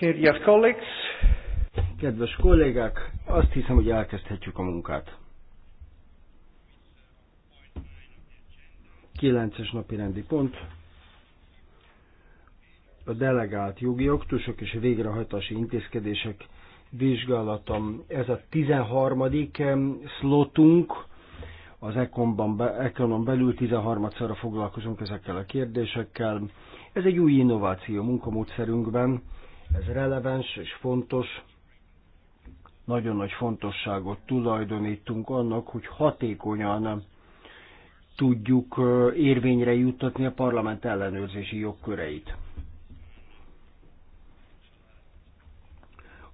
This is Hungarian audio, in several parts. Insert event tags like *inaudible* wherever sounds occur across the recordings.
Kedves kollégák! Kedves kollégák, azt hiszem, hogy elkezdhetjük a munkát. Kilences napi rendi pont. A delegált jogi aktusok és végrehajtási intézkedések vizsgálatom. Ez a 13. slotunk, az Econban, Econon belül 13-szorra foglalkozunk ezekkel a kérdésekkel. Ez egy új innováció munkamódszerünkben, ez releváns és fontos. Nagyon nagy fontosságot tulajdonítunk annak, hogy hatékonyan tudjuk érvényre juttatni a parlament ellenőrzési jogköreit.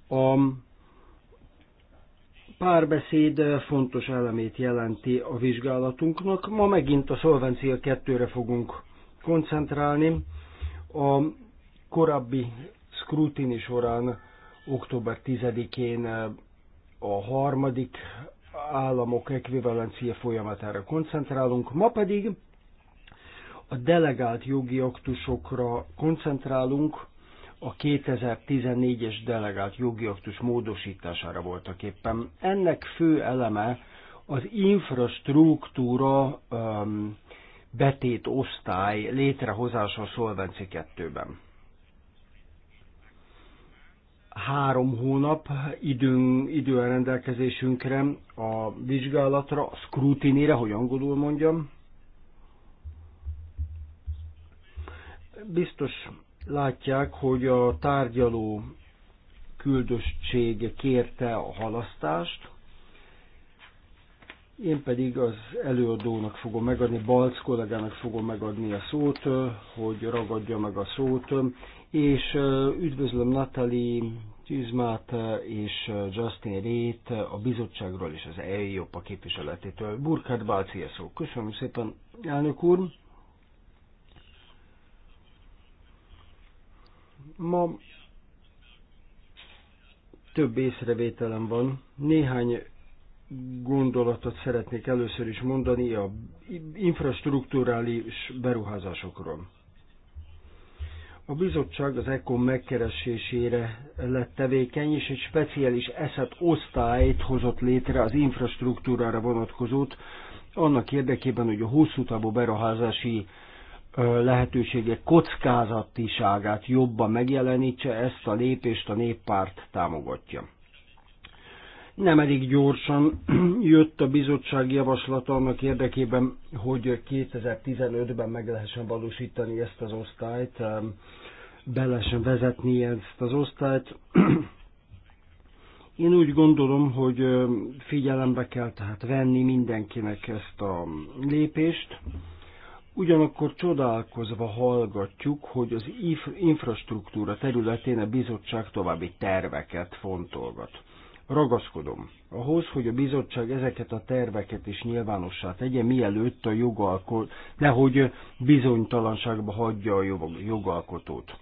A párbeszéd fontos elemét jelenti a vizsgálatunknak. Ma megint a Szolvencia 2-re fogunk koncentrálni. A korábbi scrutiny során október 10-én eh, a harmadik államok ekvivalencia folyamatára koncentrálunk, ma pedig a delegált jogi aktusokra koncentrálunk, a 2014-es delegált jogi aktus módosítására voltak éppen. Ennek fő eleme az infrastruktúra um, betét osztály létrehozása a Solvency 2-ben három hónap időn, idő a rendelkezésünkre a vizsgálatra, a scrutinire, hogy angolul mondjam. Biztos látják, hogy a tárgyaló küldöttség kérte a halasztást, én pedig az előadónak fogom megadni, Balc kollégának fogom megadni a szót, hogy ragadja meg a szót, és üdvözlöm Natalie Tűzmát és Justin Rét a bizottságról és az EIOPA képviseletétől. Burkhard Bálcia szó. Köszönöm szépen, elnök úr! Ma több észrevételem van. Néhány gondolatot szeretnék először is mondani a infrastruktúrális beruházásokról. A bizottság az ECOM megkeresésére lett tevékeny, és egy speciális eszet osztályt hozott létre az infrastruktúrára vonatkozót, annak érdekében, hogy a hosszú távú beruházási lehetőségek kockázatiságát jobban megjelenítse, ezt a lépést a néppárt támogatja. Nem elég gyorsan *clears throat* jött a bizottság javaslata annak érdekében, hogy 2015-ben meg lehessen valósítani ezt az osztályt, be lehessen vezetni ezt az osztályt. *clears throat* Én úgy gondolom, hogy figyelembe kell tehát venni mindenkinek ezt a lépést. Ugyanakkor csodálkozva hallgatjuk, hogy az infrastruktúra területén a bizottság további terveket fontolgat. Ragaszkodom ahhoz, hogy a bizottság ezeket a terveket is nyilvánossá tegye, mielőtt a jogalkot, nehogy bizonytalanságba hagyja a jogalkotót.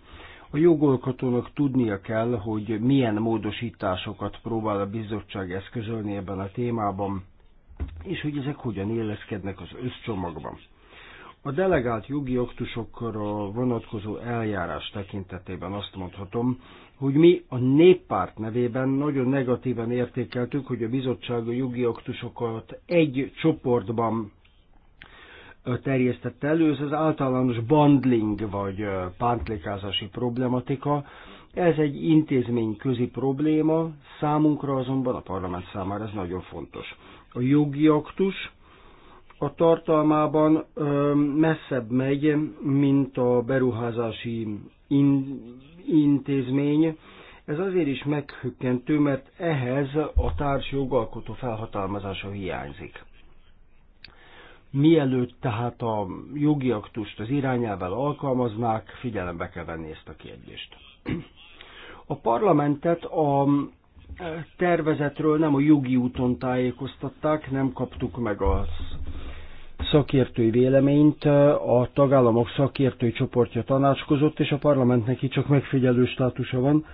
A jogalkotónak tudnia kell, hogy milyen módosításokat próbál a bizottság eszközölni ebben a témában, és hogy ezek hogyan illeszkednek az összcsomagban. A delegált jogi aktusokra vonatkozó eljárás tekintetében azt mondhatom, hogy mi a néppárt nevében nagyon negatíven értékeltük, hogy a bizottság a jogi aktusokat egy csoportban terjesztette elő, ez az általános bandling vagy pántlikázási problematika. Ez egy intézményközi probléma, számunkra azonban a parlament számára ez nagyon fontos. A jogi aktus a tartalmában messzebb megy, mint a beruházási in, intézmény. Ez azért is meghökkentő, mert ehhez a társ jogalkotó felhatalmazása hiányzik. Mielőtt tehát a jogi aktust az irányával alkalmaznák, figyelembe kell venni ezt a kérdést. A parlamentet a e, tervezetről nem a jogi úton tájékoztatták, nem kaptuk meg az szakértői véleményt, a tagállamok szakértői csoportja tanácskozott, és a parlamentnek itt csak megfigyelő státusa van.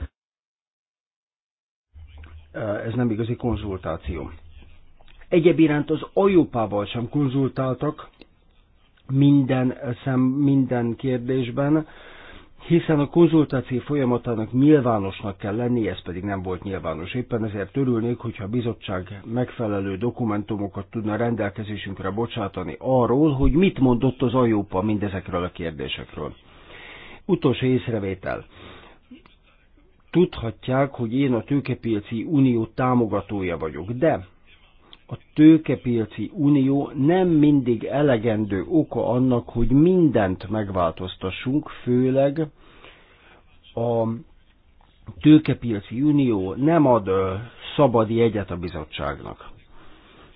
Ez nem igazi konzultáció. Egyéb iránt az ajópával sem konzultáltak minden, szem, minden kérdésben, hiszen a konzultáció folyamatának nyilvánosnak kell lenni, ez pedig nem volt nyilvános. Éppen ezért örülnék, hogyha a bizottság megfelelő dokumentumokat tudna rendelkezésünkre bocsátani arról, hogy mit mondott az ajópa mindezekről a kérdésekről. Utolsó észrevétel. Tudhatják, hogy én a tőkepiaci unió támogatója vagyok, de a tőkepiaci unió nem mindig elegendő oka annak, hogy mindent megváltoztassunk, főleg a tőkepiaci unió nem ad szabad jegyet a bizottságnak,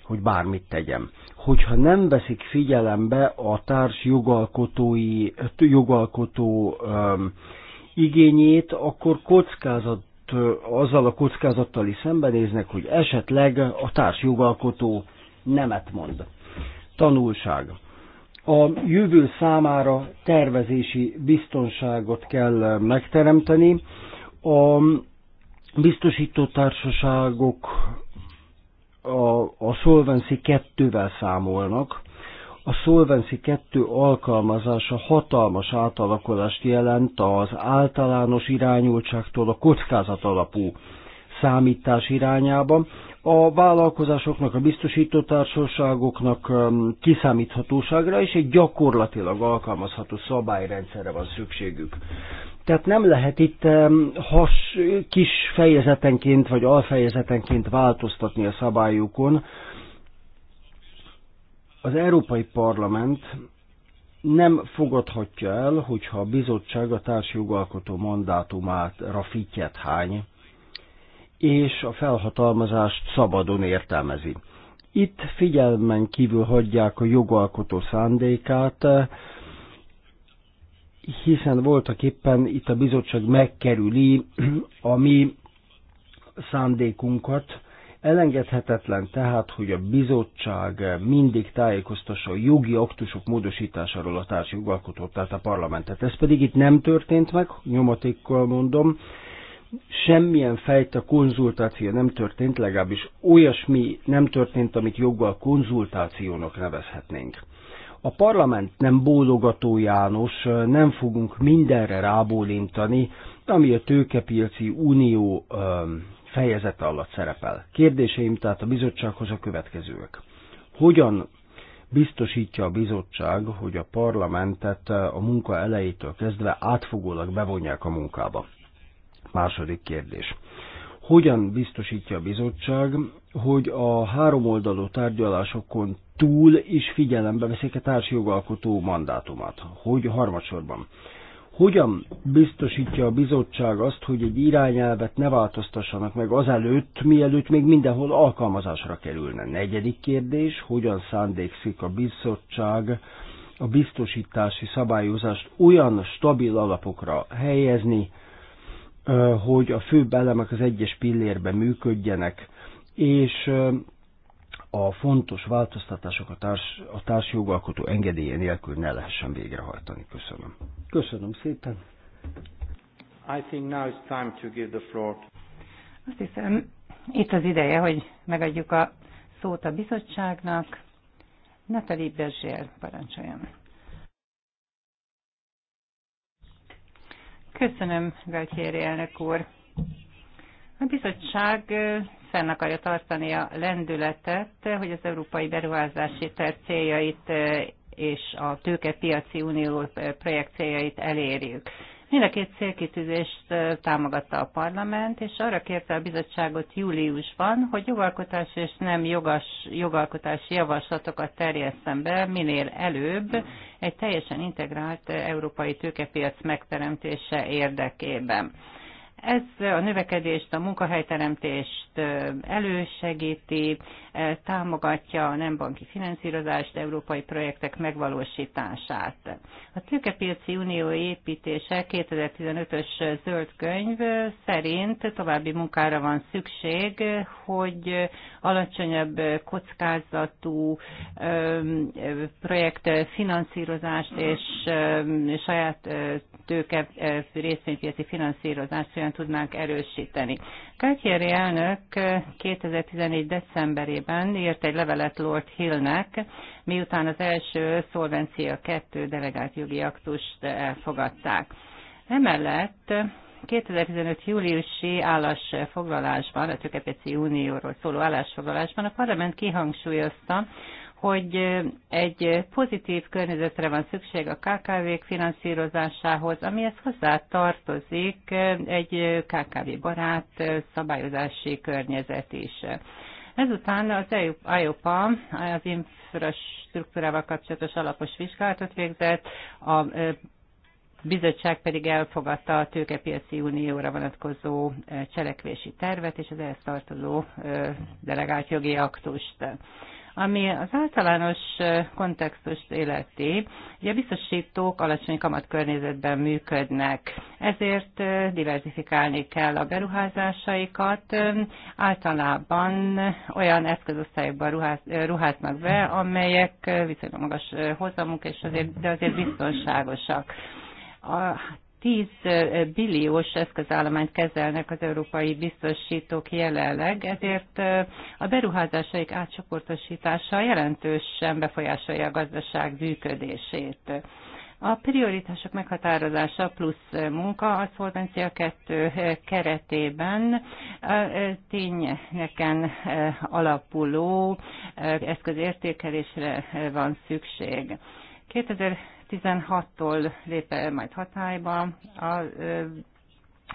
hogy bármit tegyem. Hogyha nem veszik figyelembe a társ jogalkotói, jogalkotó um, igényét, akkor kockázat azzal a kockázattal is szembenéznek, hogy esetleg a társjogalkotó nemet mond. Tanulság. A jövő számára tervezési biztonságot kell megteremteni. A biztosító társaságok a, a Solvency 2-vel számolnak, a Solvency 2 alkalmazása hatalmas átalakulást jelent az általános irányultságtól a kockázat alapú számítás irányában A vállalkozásoknak, a társaságoknak um, kiszámíthatóságra és egy gyakorlatilag alkalmazható szabályrendszerre van szükségük. Tehát nem lehet itt um, has, kis fejezetenként vagy alfejezetenként változtatni a szabályokon, az Európai Parlament nem fogadhatja el, hogyha a bizottság a társjogalkotó mandátumát rafitját hány, és a felhatalmazást szabadon értelmezi. Itt figyelmen kívül hagyják a jogalkotó szándékát, hiszen voltak éppen itt a bizottság megkerüli a mi szándékunkat, Elengedhetetlen tehát, hogy a bizottság mindig tájékoztassa a jogi aktusok módosításáról a társjogalkotót, tehát a parlamentet. Ez pedig itt nem történt meg, nyomatékkal mondom, semmilyen fejta konzultáció nem történt, legalábbis olyasmi nem történt, amit joggal konzultációnak nevezhetnénk. A parlament nem bólogató János, nem fogunk mindenre rábólintani, ami a tőkepilci unió fejezete alatt szerepel. Kérdéseim tehát a bizottsághoz a következőek. Hogyan biztosítja a bizottság, hogy a parlamentet a munka elejétől kezdve átfogólag bevonják a munkába? Második kérdés. Hogyan biztosítja a bizottság, hogy a háromoldalú tárgyalásokon túl is figyelembe veszik a társjogalkotó mandátumát? Hogy harmadsorban? Hogyan biztosítja a bizottság azt, hogy egy irányelvet ne változtassanak meg azelőtt, mielőtt még mindenhol alkalmazásra kerülne? Negyedik kérdés, hogyan szándékszik a bizottság a biztosítási szabályozást olyan stabil alapokra helyezni, hogy a főbb elemek az egyes pillérben működjenek, és a fontos változtatások a, társ, a társjogalkotó engedélye nélkül ne lehessen végrehajtani. Köszönöm. Köszönöm szépen. I think now it's time to give the floor. Azt hiszem, itt az ideje, hogy megadjuk a szót a bizottságnak. Natalie Bezsér, parancsoljon. Köszönöm, Galtieri elnök úr. A bizottság fenn akarja tartani a lendületet, hogy az európai beruházási terv céljait eh, és a tőkepiaci unió eh, projekt céljait elérjük. Mind a két célkitűzést eh, támogatta a parlament, és arra kérte a bizottságot júliusban, hogy jogalkotási és nem jogas, jogalkotási javaslatokat terjesszen be minél előbb egy teljesen integrált európai tőkepiac megteremtése érdekében. Ez a növekedést, a munkahelyteremtést elősegíti, támogatja a nem banki finanszírozást, európai projektek megvalósítását. A Tőkepiaci Unió építése 2015-ös zöld könyv szerint további munkára van szükség, hogy alacsonyabb kockázatú projekt finanszírozást és saját tőke részvénypiaci finanszírozást olyan tudnánk erősíteni. Kátyéri elnök 2014. Eh, decemberében írt egy levelet Lord Hillnek, miután az első Szolvencia 2 delegált jogi aktust elfogadták. Emellett 2015. júliusi állásfoglalásban, a Tökepeci Unióról szóló állásfoglalásban a parlament kihangsúlyozta, hogy egy pozitív környezetre van szükség a KKV-k finanszírozásához, amihez hozzá tartozik egy KKV-barát szabályozási környezet is. Ezután az e IOPA az infrastruktúrával kapcsolatos alapos vizsgálatot végzett, a bizottság pedig elfogadta a tőkepiaci unióra vonatkozó cselekvési tervet és az ehhez tartozó delegált jogi aktust. Ami az általános kontextust életi, ugye a biztosítók alacsony környezetben működnek, ezért diversifikálni kell a beruházásaikat. Általában olyan eszközosztályokban ruház, ruháznak be, amelyek viszonylag magas hozamuk, és azért, de azért biztonságosak a 10 billiós eszközállományt kezelnek az európai biztosítók jelenleg, ezért a beruházásaik átcsoportosítása jelentősen befolyásolja a gazdaság működését. A prioritások meghatározása plusz munka a Szolvencia 2 keretében tényeken alapuló eszközértékelésre van szükség. 2000 16-tól el majd hatályba a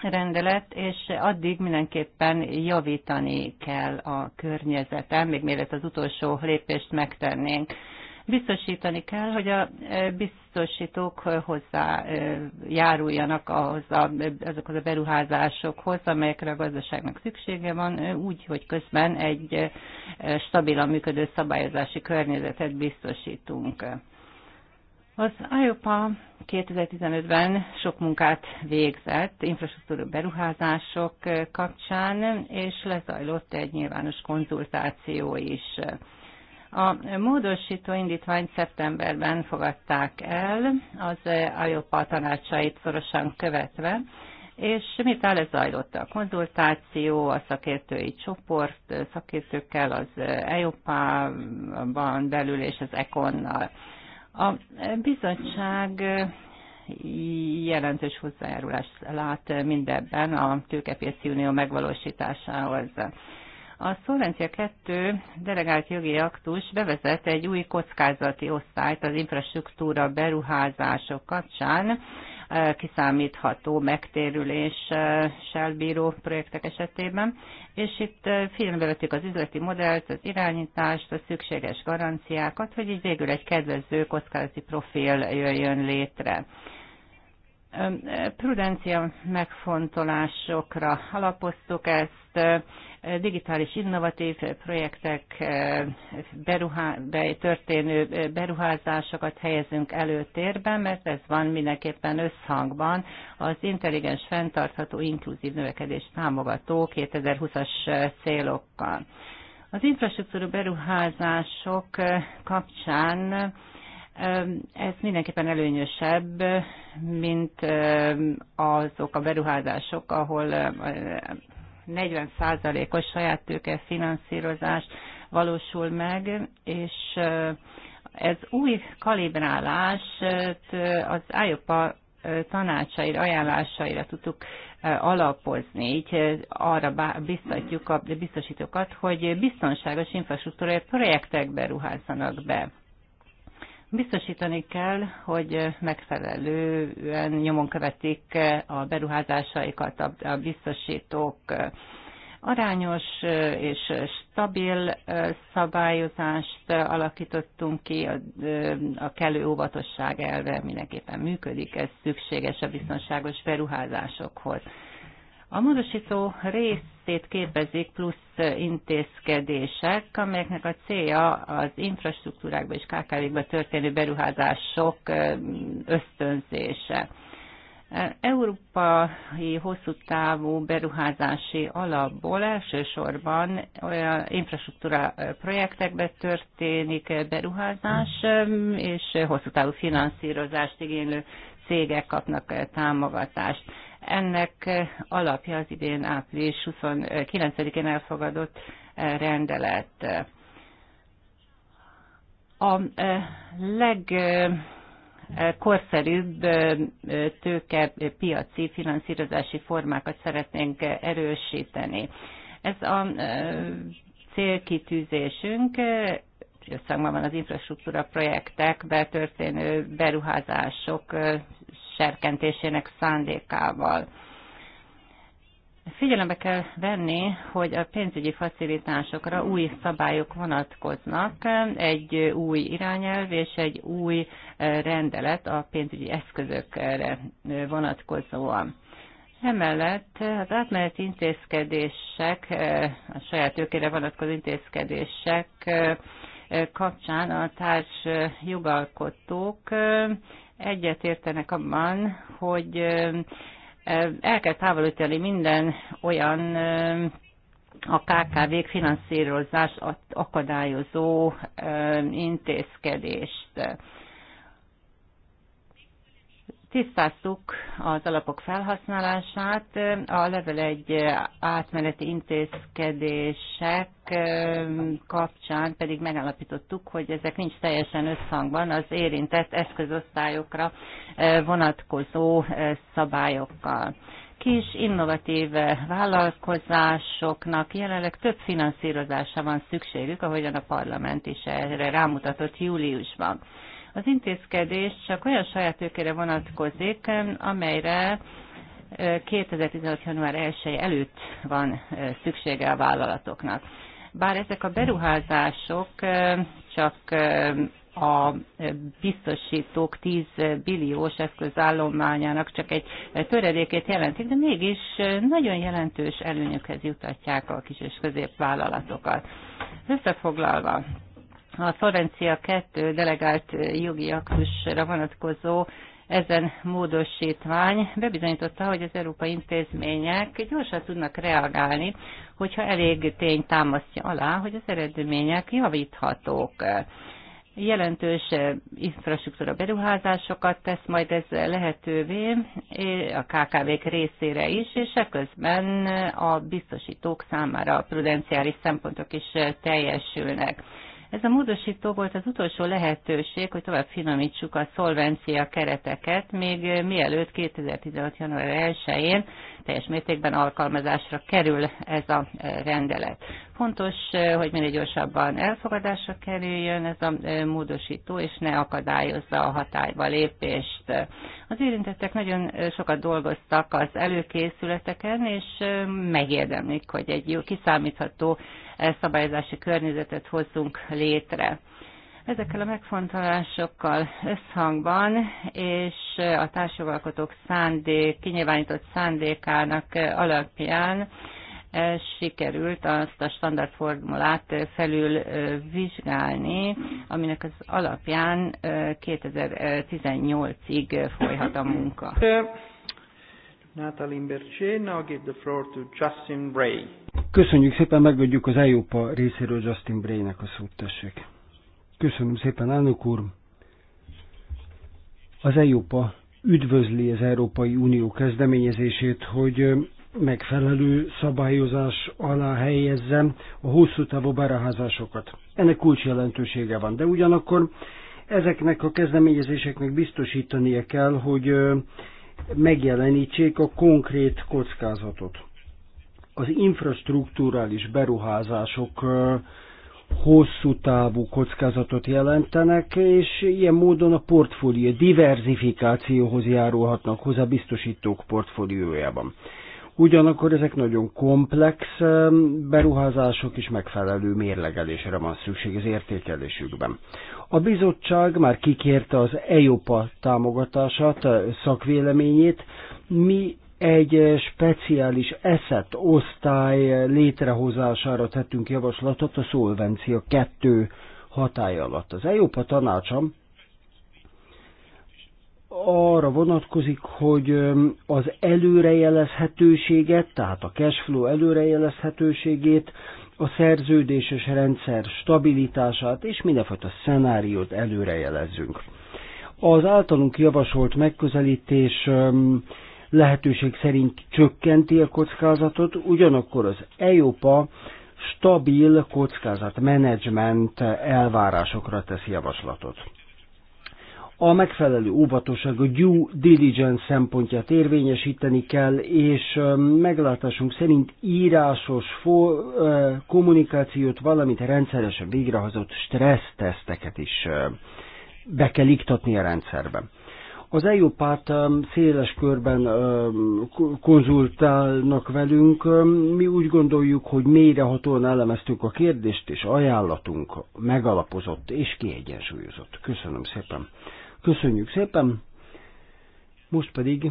rendelet, és addig mindenképpen javítani kell a környezeten, még mielőtt az utolsó lépést megtennénk. Biztosítani kell, hogy a biztosítók hozzájáruljanak ahhoz a, azokhoz a beruházásokhoz, amelyekre a gazdaságnak szüksége van, úgy, hogy közben egy stabilan működő szabályozási környezetet biztosítunk. Az IOPA 2015-ben sok munkát végzett infrastruktúra beruházások kapcsán, és lezajlott egy nyilvános konzultáció is. A módosító indítványt szeptemberben fogadták el, az IOPA tanácsait szorosan követve, és miután lezajlott a konzultáció, a szakértői csoport szakértőkkel, az EOPA-ban belül és az ECON-nal. A bizottság jelentős hozzájárulást lát mindebben a tőkepiaci unió megvalósításához. A Szolvencia 2 delegált jogi aktus bevezet egy új kockázati osztályt az infrastruktúra beruházások kapcsán, kiszámítható megtérüléssel bíró projektek esetében, és itt figyelembe vettük az üzleti modellt, az irányítást, a szükséges garanciákat, hogy így végül egy kedvező kockázati profil jöjjön létre prudencia megfontolásokra alapoztuk ezt, digitális innovatív projektek beruhá, történő beruházásokat helyezünk előtérben, mert ez van mindenképpen összhangban az intelligens, fenntartható, inkluzív növekedés támogató 2020-as célokkal. Az infrastruktúra beruházások kapcsán ez mindenképpen előnyösebb, mint azok a beruházások, ahol 40%-os saját tőke finanszírozás valósul meg, és ez új kalibrálás az IOPA tanácsaira, ajánlásaira tudtuk alapozni, így arra biztatjuk a biztosítókat, hogy biztonságos infrastruktúrai projektekbe ruházzanak be. Biztosítani kell, hogy megfelelően nyomon követik a beruházásaikat a biztosítók arányos és stabil szabályozást alakítottunk ki, a kellő óvatosság elve mindenképpen működik, ez szükséges a biztonságos beruházásokhoz. A módosító részét képezik plusz intézkedések, amelyeknek a célja az infrastruktúrákba és KKV-kba történő beruházások ösztönzése. Európai hosszú távú beruházási alapból elsősorban olyan infrastruktúra projektekbe történik beruházás, és hosszú távú finanszírozást igénylő cégek kapnak támogatást. Ennek eh, alapja az idén április 29-én elfogadott eh, rendelet. A eh, leg korszerűbb piaci finanszírozási formákat szeretnénk erősíteni. Ez a célkitűzésünk összhangban van az infrastruktúra projektek, betörténő beruházások serkentésének szándékával. Figyelembe kell venni, hogy a pénzügyi facilitásokra új szabályok vonatkoznak, egy új irányelv és egy új eh, rendelet a pénzügyi eszközökre vonatkozóan. Emellett az átmeneti intézkedések, eh, a saját őkére vonatkozó intézkedések eh, kapcsán a társ jogalkotók egyet értenek abban, hogy el kell távolítani minden olyan a KKV-k finanszírozás akadályozó intézkedést tisztáztuk az alapok felhasználását. A level egy átmeneti intézkedések kapcsán pedig megállapítottuk, hogy ezek nincs teljesen összhangban az érintett eszközosztályokra vonatkozó szabályokkal. Kis innovatív vállalkozásoknak jelenleg több finanszírozása van szükségük, ahogyan a parlament is erre rámutatott júliusban. Az intézkedés csak olyan saját tőkére vonatkozik, amelyre 2016. január 1 előtt van szüksége a vállalatoknak. Bár ezek a beruházások csak a biztosítók 10 billiós eszközállományának csak egy töredékét jelentik, de mégis nagyon jelentős előnyökhez jutatják a kis és középvállalatokat. Összefoglalva, a Szolvencia 2 delegált jogi aktusra vonatkozó ezen módosítvány bebizonyította, hogy az európai intézmények gyorsan tudnak reagálni, hogyha elég tény támasztja alá, hogy az eredmények javíthatók. Jelentős infrastruktúra beruházásokat tesz majd ez lehetővé a KKV-k részére is, és ekközben a biztosítók számára a prudenciális szempontok is teljesülnek. Ez a módosító volt az utolsó lehetőség, hogy tovább finomítsuk a szolvencia kereteket, még eh, mielőtt 2016. január 1-én teljes mértékben alkalmazásra kerül ez a eh, rendelet. Fontos, hogy minél gyorsabban elfogadásra kerüljön ez a módosító, és ne akadályozza a hatályba lépést. Az érintettek nagyon sokat dolgoztak az előkészületeken, és megérdemlik, hogy egy jó kiszámítható szabályozási környezetet hozzunk létre ezekkel a megfontolásokkal összhangban, és a társjogalkotók szándék, kinyilvánított szándékának alapján sikerült azt a standard formulát felül vizsgálni, aminek az alapján 2018-ig folyhat a munka. give the floor to Justin Bray. Köszönjük szépen, megadjuk az Európa részéről Justin Bray-nek a szót, tessék. Köszönöm szépen, elnök úr. Az Európa üdvözli az Európai Unió kezdeményezését, hogy megfelelő szabályozás alá helyezzem a hosszú távú beruházásokat. Ennek kulcs jelentősége van, de ugyanakkor ezeknek a kezdeményezéseknek biztosítania kell, hogy megjelenítsék a konkrét kockázatot. Az infrastruktúrális beruházások hosszú távú kockázatot jelentenek, és ilyen módon a portfólió diverzifikációhoz járulhatnak hozzá biztosítók portfóliójában. Ugyanakkor ezek nagyon komplex beruházások is megfelelő mérlegelésre van szükség az értékelésükben. A bizottság már kikérte az EIOPA támogatását, szakvéleményét. Mi egy speciális eszet osztály létrehozására tettünk javaslatot a szolvencia 2 hatály alatt. Az EIOPA tanácsom arra vonatkozik, hogy az előrejelezhetőséget, tehát a flow előrejelezhetőségét, a szerződéses rendszer stabilitását és mindenfajta szenáriót előrejelezzünk. Az általunk javasolt megközelítés lehetőség szerint csökkenti a kockázatot, ugyanakkor az EIOPA stabil kockázatmenedzsment elvárásokra tesz javaslatot a megfelelő óvatosság, a due diligence szempontját érvényesíteni kell, és um, meglátásunk szerint írásos for, uh, kommunikációt, valamint rendszeresen végrehozott stresszteszteket is uh, be kell iktatni a rendszerbe. Az EU-párt um, széles körben um, konzultálnak velünk. Mi úgy gondoljuk, hogy mélyrehatóan elemeztük a kérdést, és ajánlatunk megalapozott és kiegyensúlyozott. Köszönöm szépen. Köszönjük szépen! Most pedig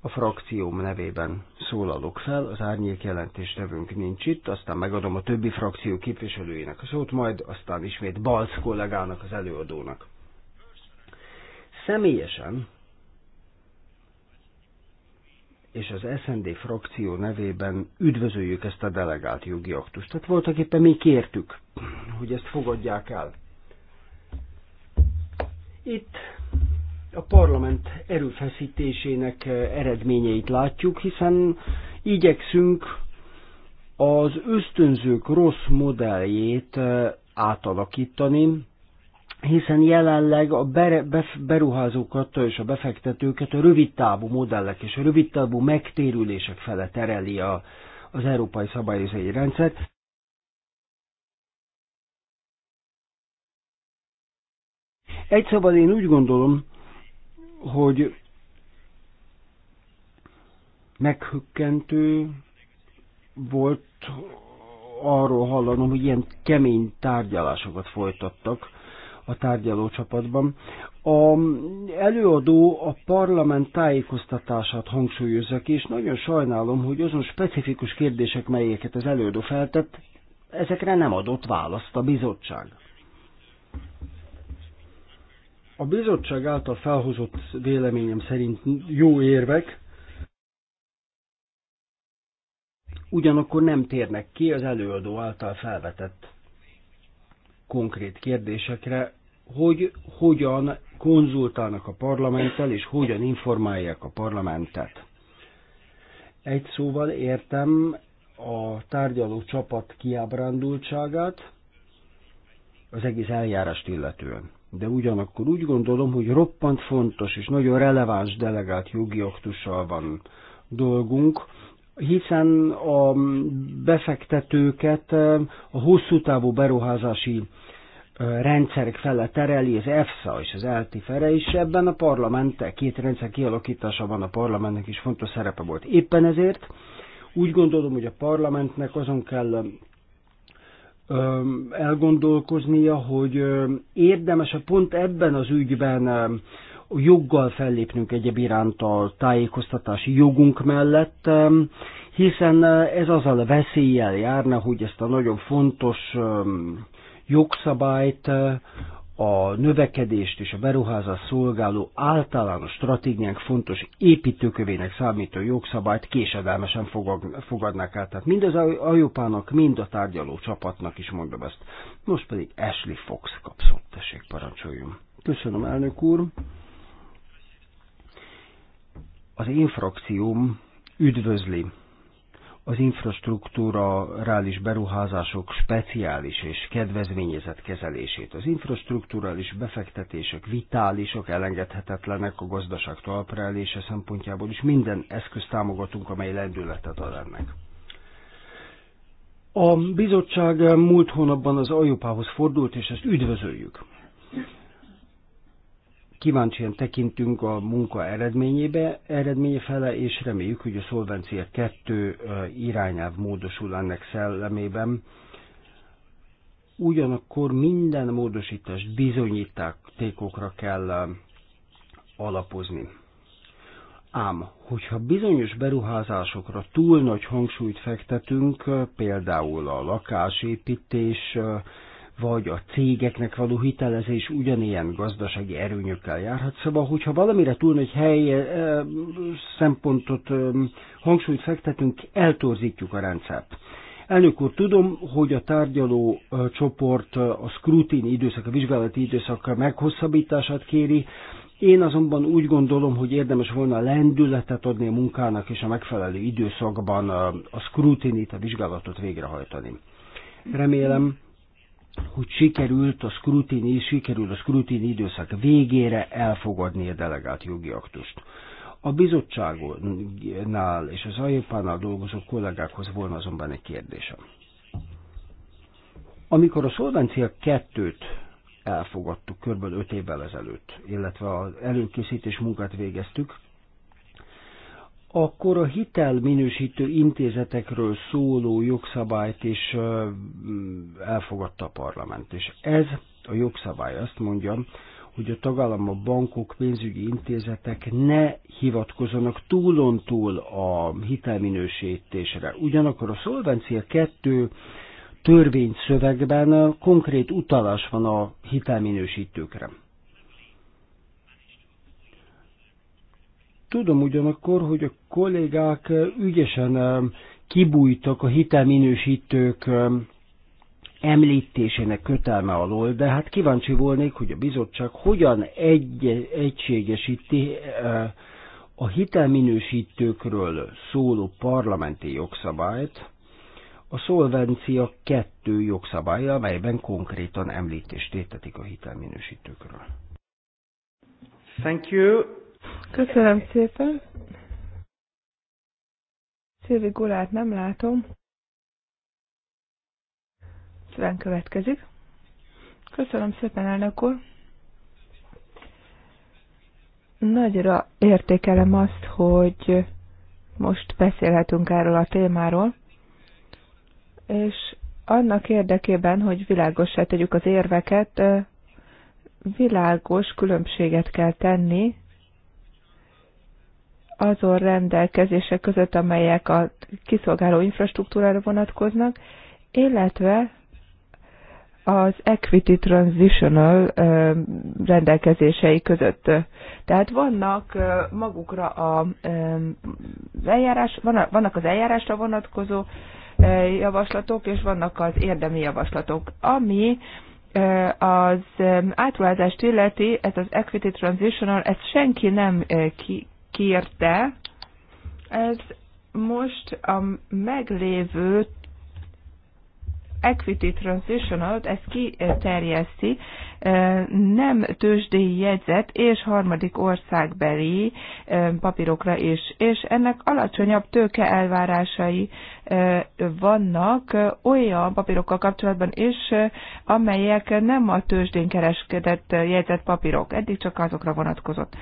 a frakcióm nevében szólalok fel, az árnyék jelentéstevünk nincs itt, aztán megadom a többi frakció képviselőjének a szót, majd aztán ismét Balc kollégának, az előadónak. Személyesen és az SND frakció nevében üdvözöljük ezt a delegált jogi aktust. Tehát voltak éppen mi kértük, hogy ezt fogadják el. Itt a parlament erőfeszítésének eh, eredményeit látjuk, hiszen igyekszünk az ösztönzők rossz modelljét eh, átalakítani, hiszen jelenleg a beruházókat és a befektetőket a rövidtávú modellek és a rövidtávú megtérülések fele tereli a, az európai szabályozói rendszer. Egy szabad szóval én úgy gondolom, hogy meghökkentő volt arról hallanom, hogy ilyen kemény tárgyalásokat folytattak a tárgyaló csapatban. A előadó a parlament tájékoztatását hangsúlyozza ki, és nagyon sajnálom, hogy azon specifikus kérdések, melyeket az előadó feltett, ezekre nem adott választ a bizottság. A bizottság által felhozott véleményem szerint jó érvek, ugyanakkor nem térnek ki az előadó által felvetett konkrét kérdésekre, hogy hogyan konzultálnak a parlamenttel, és hogyan informálják a parlamentet. Egy szóval értem a tárgyaló csapat kiábrándultságát az egész eljárást illetően de ugyanakkor úgy gondolom, hogy roppant fontos és nagyon releváns delegált jogi aktussal van dolgunk, hiszen a befektetőket eh, a hosszú távú beruházási eh, rendszerek fele tereli, az EFSA és az fere is ebben a parlament, e két rendszer kialakításában a parlamentnek is fontos szerepe volt. Éppen ezért úgy gondolom, hogy a parlamentnek azon kell elgondolkoznia, hogy érdemes a pont ebben az ügyben joggal fellépnünk egyéb iránt a tájékoztatási jogunk mellett, hiszen ez azzal a veszéllyel járna, hogy ezt a nagyon fontos jogszabályt a növekedést és a beruházás szolgáló általános stratégiánk fontos építőkövének számító jogszabályt késedelmesen fogadnák el. Tehát mind az ajopának, mind a tárgyaló csapatnak is mondom ezt. Most pedig Ashley Fox kapszott, tessék parancsoljon. Köszönöm, elnök úr. Az infrakcióm üdvözli az infrastruktúra rális beruházások speciális és kedvezményezett kezelését. Az infrastruktúrális befektetések vitálisok, elengedhetetlenek a gazdaság talprelése szempontjából, és minden eszközt támogatunk, amely lendületet ad ennek. A bizottság múlt hónapban az ajopához fordult, és ezt üdvözöljük kíváncsian tekintünk a munka eredményébe, eredménye fele, és reméljük, hogy a Szolvencia kettő irányáv módosul ennek szellemében. Ugyanakkor minden módosítást bizonyítékokra kell alapozni. Ám, hogyha bizonyos beruházásokra túl nagy hangsúlyt fektetünk, például a lakásépítés, vagy a cégeknek való hitelezés ugyanilyen gazdasági erőnyökkel járhat. Szóval, hogyha valamire túl nagy hely szempontot, hangsúlyt fektetünk, eltorzítjuk a rendszert. Elnök úr, tudom, hogy a tárgyaló csoport a scrutini időszak, a vizsgálati időszak meghosszabbítását kéri, én azonban úgy gondolom, hogy érdemes volna lendületet adni a munkának és a megfelelő időszakban a, a scrutinit, a vizsgálatot végrehajtani. Remélem, hogy sikerült a skrutini, sikerül a skrutini időszak végére elfogadni a delegált jogi aktust. A bizottságnál és az ajépánál dolgozó kollégákhoz volna azonban egy kérdésem. Amikor a szolvencia kettőt elfogadtuk körülbelül 5 évvel ezelőtt, illetve az előkészítés munkát végeztük, akkor a hitelminősítő intézetekről szóló jogszabályt is mm, elfogadta a parlament. És ez a jogszabály azt mondja, hogy a tagállam a bankok, pénzügyi intézetek ne hivatkozzanak túlontúl a hitelminősítésre. Ugyanakkor a Szolvencia 2 törvényszövegben konkrét utalás van a hitelminősítőkre. Tudom ugyanakkor, hogy a kollégák ügyesen kibújtak a hitelminősítők említésének kötelme alól, de hát kíváncsi volnék, hogy a bizottság hogyan egy, egységesíti a hitelminősítőkről szóló parlamenti jogszabályt a szolvencia kettő jogszabálya, amelyben konkrétan említést tétetik a hitelminősítőkről. Thank you. Köszönöm szépen. Szilvi Gulát nem látom. Sven következik. Köszönöm szépen, elnök úr. Nagyra értékelem azt, hogy most beszélhetünk erről a témáról, és annak érdekében, hogy világosá tegyük az érveket, világos különbséget kell tenni azon rendelkezések között, amelyek a kiszolgáló infrastruktúrára vonatkoznak, illetve az Equity Transitional rendelkezései között. Tehát vannak magukra a, eljárás, vannak az eljárásra vonatkozó javaslatok, és vannak az érdemi javaslatok. Ami az átruházást illeti, ez az Equity Transitional, ezt senki nem ki, kérte, ez most a meglévő Equity transitional ezt kiterjeszti, nem tőzsdéi jegyzet és harmadik országbeli papírokra is, és ennek alacsonyabb tőke elvárásai vannak olyan papírokkal kapcsolatban is, amelyek nem a tőzsdén kereskedett jegyzett papírok, eddig csak azokra vonatkozott.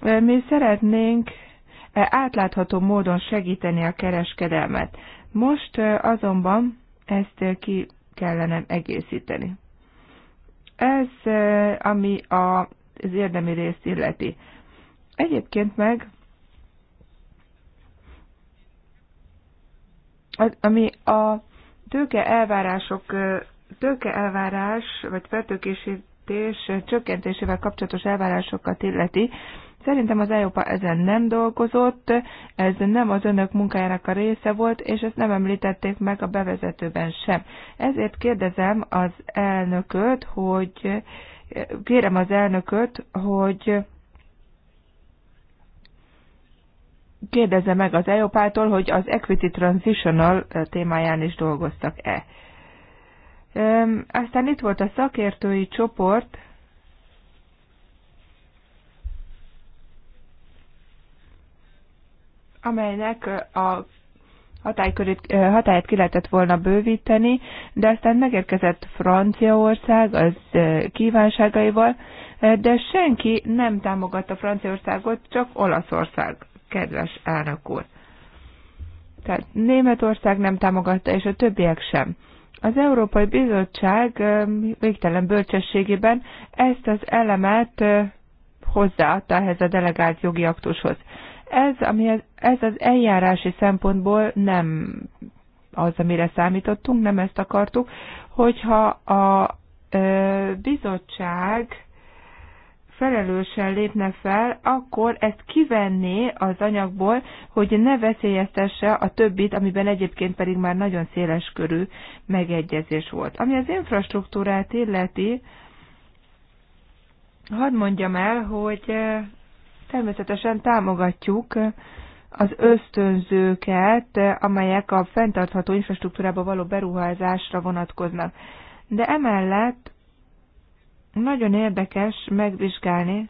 Mi szeretnénk e, átlátható módon segíteni a kereskedelmet. Most e, azonban ezt e, ki kellene egészíteni. Ez, ami az érdemi részt illeti. Egyébként meg, ami a tőke elvárások, tőke elvárás, vagy feltőkését költségvetés csökkentésével kapcsolatos elvárásokat illeti, Szerintem az EOPA ezen nem dolgozott, ez nem az önök munkájának a része volt, és ezt nem említették meg a bevezetőben sem. Ezért kérdezem az elnököt, hogy kérem az elnököt, hogy kérdezze meg az EOPA-tól, hogy az Equity Transitional témáján is dolgoztak-e. Aztán itt volt a szakértői csoport, amelynek a hatálykörét, hatályt ki lehetett volna bővíteni, de aztán megérkezett Franciaország az kívánságaival, de senki nem támogatta Franciaországot, csak Olaszország, kedves elnök úr. Tehát Németország nem támogatta, és a többiek sem. Az Európai Bizottság végtelen bölcsességében ezt az elemet hozzáadta ehhez a delegált jogi aktushoz. Ez, ami ez, ez az eljárási szempontból nem az, amire számítottunk, nem ezt akartuk, hogyha a ö, bizottság felelősen lépne fel, akkor ezt kivenné az anyagból, hogy ne veszélyeztesse a többit, amiben egyébként pedig már nagyon széles körű megegyezés volt. Ami az infrastruktúrát illeti, hadd mondjam el, hogy eh, természetesen támogatjuk eh, az ösztönzőket, eh, amelyek a fenntartható infrastruktúrába való beruházásra vonatkoznak. De emellett nagyon érdekes megvizsgálni,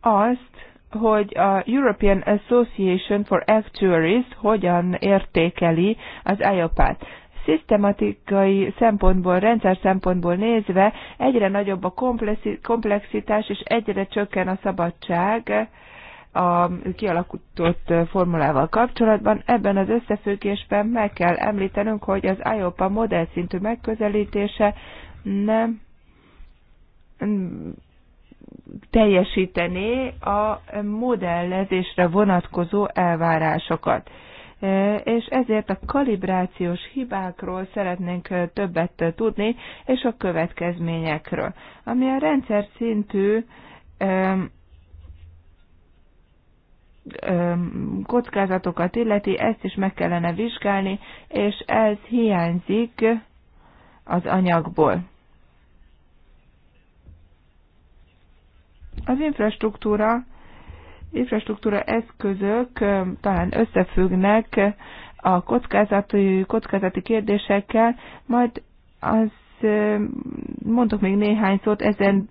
azt, hogy a European Association for Actuaries hogyan értékeli az IOPA-t. Szisztematikai szempontból, rendszer szempontból nézve egyre nagyobb a komplexitás és egyre csökken a szabadság a kialakított formulával kapcsolatban. Ebben az összefüggésben meg kell említenünk, hogy az IOPA modell szintű megközelítése nem teljesítené a modellezésre vonatkozó elvárásokat. És ezért a kalibrációs hibákról szeretnénk többet tudni, és a következményekről. Ami a rendszer szintű kockázatokat illeti, ezt is meg kellene vizsgálni, és ez hiányzik az anyagból. Az infrastruktúra, infrastruktúra eszközök talán összefüggnek a kockázati, kockázati kérdésekkel, majd az mondok még néhány szót ezen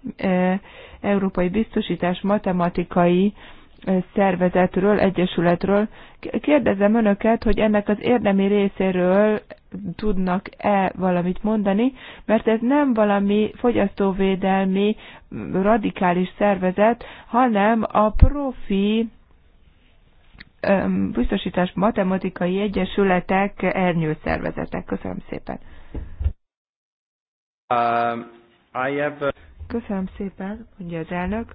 európai biztosítás matematikai szervezetről, egyesületről. Kérdezem önöket, hogy ennek az érdemi részéről tudnak-e valamit mondani, mert ez nem valami fogyasztóvédelmi radikális szervezet, hanem a profi biztosítás matematikai egyesületek szervezetek. Köszönöm szépen. Uh, I have a... Köszönöm szépen, mondja az elnök.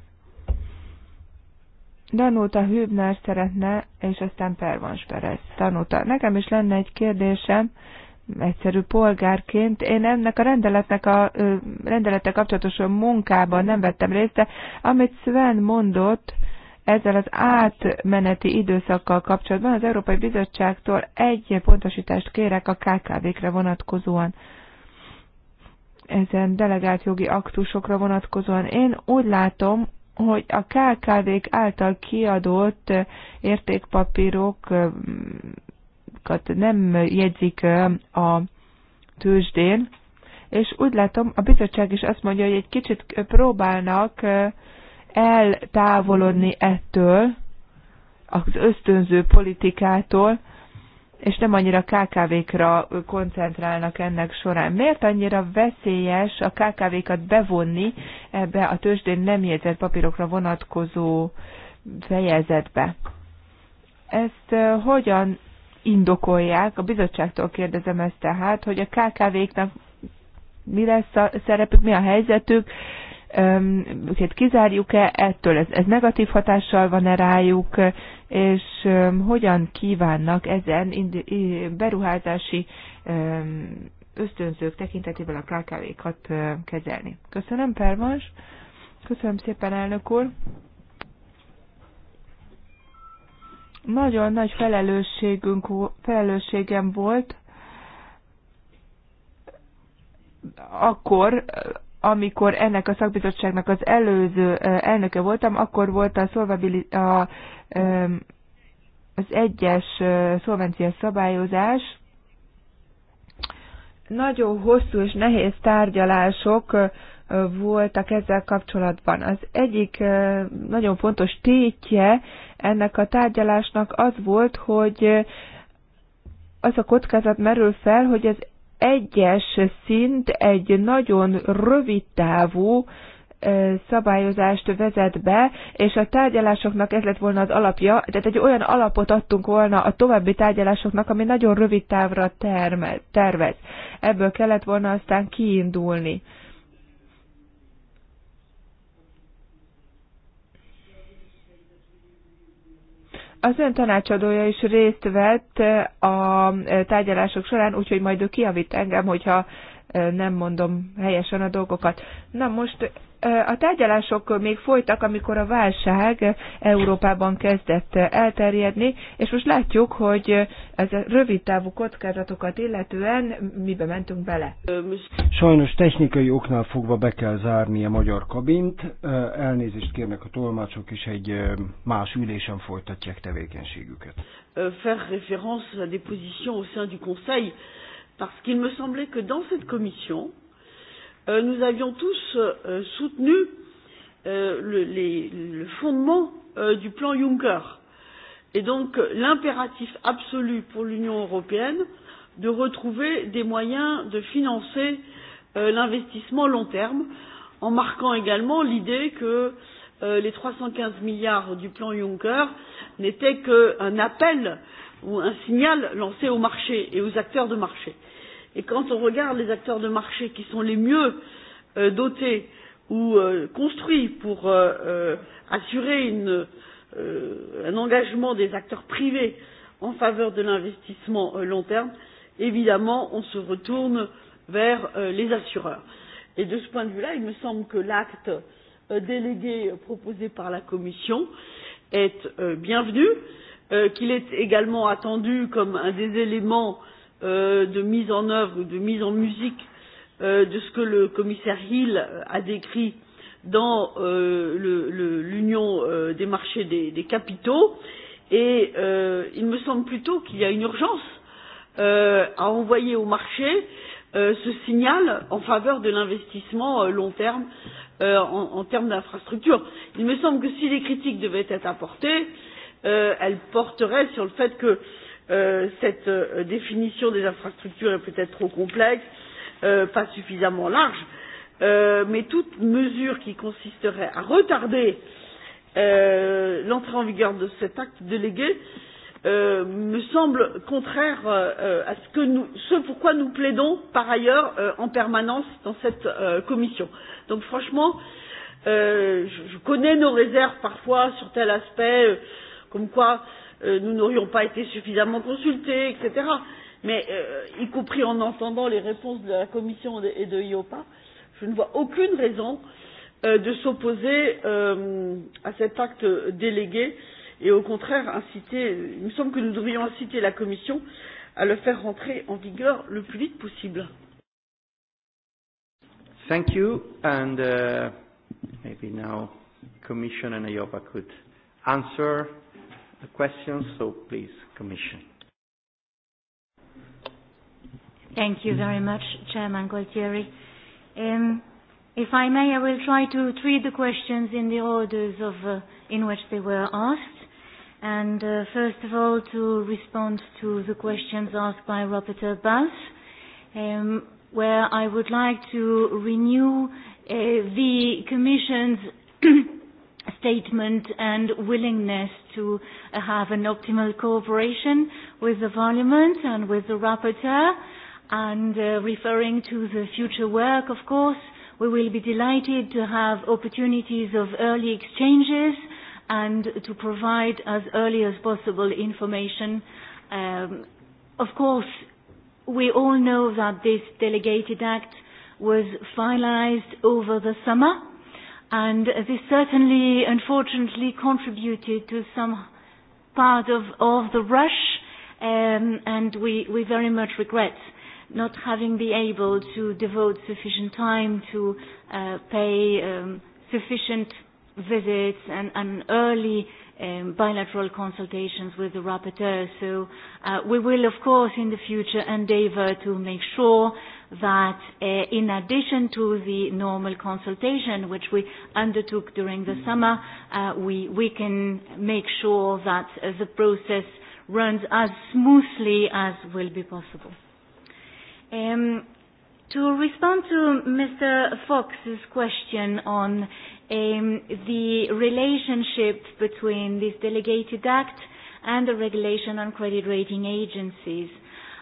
Danuta Hübner szeretne, és aztán Pervans Perez. Danuta, nekem is lenne egy kérdésem, egyszerű polgárként. Én ennek a rendeletnek a rendelete kapcsolatos munkában nem vettem részt, de amit Sven mondott, ezzel az átmeneti időszakkal kapcsolatban az Európai Bizottságtól egy pontosítást kérek a KKV-kre vonatkozóan ezen delegált jogi aktusokra vonatkozóan. Én úgy látom, hogy a KKV-k által kiadott eh, értékpapírokat eh, nem jegyzik eh, a tőzsdén, és úgy látom, a bizottság is azt mondja, hogy egy kicsit próbálnak eltávolodni ettől, az ösztönző politikától, és nem annyira KKV-kra koncentrálnak ennek során. Miért annyira veszélyes a KKV-kat bevonni ebbe a tőzsdén nem jegyzett papírokra vonatkozó fejezetbe? Ezt hogyan indokolják? A bizottságtól kérdezem ezt tehát, hogy a KKV-knak mi lesz a szerepük, mi a helyzetük, őket kizárjuk-e ettől, ez, ez negatív hatással van-e rájuk, és hogyan kívánnak ezen beruházási ösztönzők tekintetében a KKV-kat kezelni. Köszönöm, Pervans. Köszönöm szépen, elnök úr. Nagyon nagy felelősségünk, felelősségem volt akkor, amikor ennek a szakbizottságnak az előző elnöke voltam, akkor volt a, a az egyes szolvencia szabályozás. Nagyon hosszú és nehéz tárgyalások voltak ezzel kapcsolatban. Az egyik nagyon fontos tétje ennek a tárgyalásnak az volt, hogy az a kockázat merül fel, hogy az egyes szint egy nagyon rövid távú szabályozást vezet be, és a tárgyalásoknak ez lett volna az alapja, tehát egy olyan alapot adtunk volna a további tárgyalásoknak, ami nagyon rövid távra termel, tervez. Ebből kellett volna aztán kiindulni. Az ön tanácsadója is részt vett a tárgyalások során, úgyhogy majd ő kiavít engem, hogyha nem mondom helyesen a dolgokat. Na most a tárgyalások még folytak, amikor a válság Európában kezdett elterjedni, és most látjuk, hogy ez a rövid távú kockázatokat illetően mibe mentünk bele. Sajnos technikai oknál fogva be kell zárni a magyar kabint. Elnézést kérnek a tolmácsok, és egy más ülésen folytatják tevékenységüket. Euh, faire référence à des positions au sein du Conseil, parce qu'il me semblait que dans cette commission, euh, nous avions tous euh, soutenu euh, le, les, le fondement euh, du plan Juncker et donc l'impératif absolu pour l'Union européenne de retrouver des moyens de financer euh, l'investissement long terme en marquant également l'idée que euh, les 315 milliards du plan Juncker n'étaient qu'un appel ou un signal lancé au marché et aux acteurs de marché. Euh, Et quand on regarde les acteurs de marché qui sont les mieux euh, dotés ou euh, construits pour euh, euh, assurer une, euh, un engagement des acteurs privés en faveur de l'investissement euh, long terme, évidemment, on se retourne vers euh, les assureurs. Et de ce point de vue-là, il me semble que l'acte euh, délégué euh, proposé par la Commission est euh, bienvenu, euh, qu'il est également attendu comme un des éléments euh, euh, de mise en œuvre de mise en musique euh, de ce que le commissaire Hill euh, a décrit dans euh, l'union le, le, euh, des marchés des, des capitaux et euh, il me semble plutôt qu'il y a une urgence euh, à envoyer au marché euh, ce signal en faveur de l'investissement euh, long terme euh, en, en termes d'infrastructures. Il me semble que si les critiques devaient être apportées, euh, elles porteraient sur le fait que euh, Euh, cette euh, définition des infrastructures est peut être trop complexe euh, pas suffisamment large mais toute mesure qui consisterait à retarder l'entrée en vigueur de cet acte délégué me semble contraire à ce, que nous, ce pourquoi nous plaidons par ailleurs en permanence dans cette commission. Donc franchement, euh, je je connais nos réserves parfois sur tel aspect, euh, comme quoi euh, euh, nous n'aurions pas été suffisamment consultés, etc. Mais euh, y compris en entendant les réponses de la Commission et de IOPA, je ne vois aucune raison euh, de s'opposer euh, à cet acte délégué et au contraire inciter, il me semble que nous devrions inciter la Commission à le faire rentrer en vigueur le plus vite possible. Thank you. And uh, maybe now Commission and IOPA could answer the questions, so please, Commission. Thank you very much, Chairman Gualtieri. Um, if I may, I will try to treat the questions in the orders of, uh, in which they were asked. And uh, first of all, to respond to the questions asked by Robert Bass, um, where I would like to renew uh, the Commission's statement and willingness to uh, have an optimal cooperation with the Parliament and with the Rapporteur. And uh, referring to the future work, of course, we will be delighted to have opportunities of early exchanges and to provide as early as possible information. Um, of course, we all know that this delegated act was finalized over the summer And this certainly, unfortunately, contributed to some part of, of the rush, um, and we, we very much regret not having been able to devote sufficient time to uh, pay um, sufficient visits and, and early um, bilateral consultations with the rapporteur. So uh, we will, of course, in the future endeavour to make sure that uh, in addition to the normal consultation which we undertook during the summer, uh, we, we can make sure that uh, the process runs as smoothly as will be possible. Um, to respond to Mr. Fox's question on um, the relationship between this delegated act and the regulation on credit rating agencies,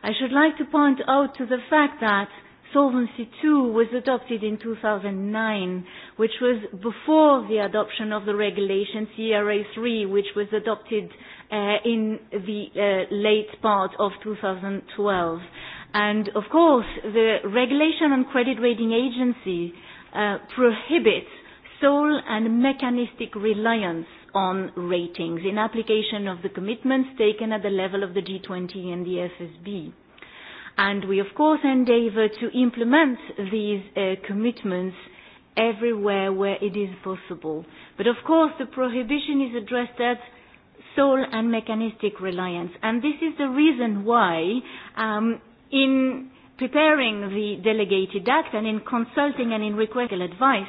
I should like to point out to the fact that Solvency II was adopted in 2009, which was before the adoption of the regulation CRA 3, which was adopted uh, in the uh, late part of 2012. And of course, the regulation on credit rating agency uh, prohibits sole and mechanistic reliance on ratings in application of the commitments taken at the level of the G20 and the FSB. And we, of course, endeavour to implement these uh, commitments everywhere where it is possible. But, of course, the prohibition is addressed at sole and mechanistic reliance. And this is the reason why, um, in preparing the delegated act and in consulting and in requesting advice,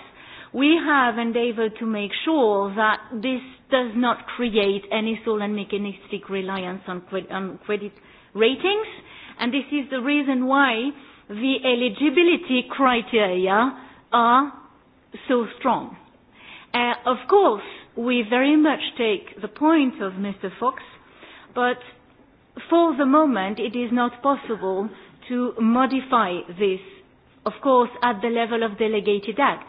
we have endeavored to make sure that this does not create any sole and mechanistic reliance on, cre- on credit ratings, and this is the reason why the eligibility criteria are so strong. Uh, of course, we very much take the point of Mr. Fox, but for the moment it is not possible to modify this, of course, at the level of delegated act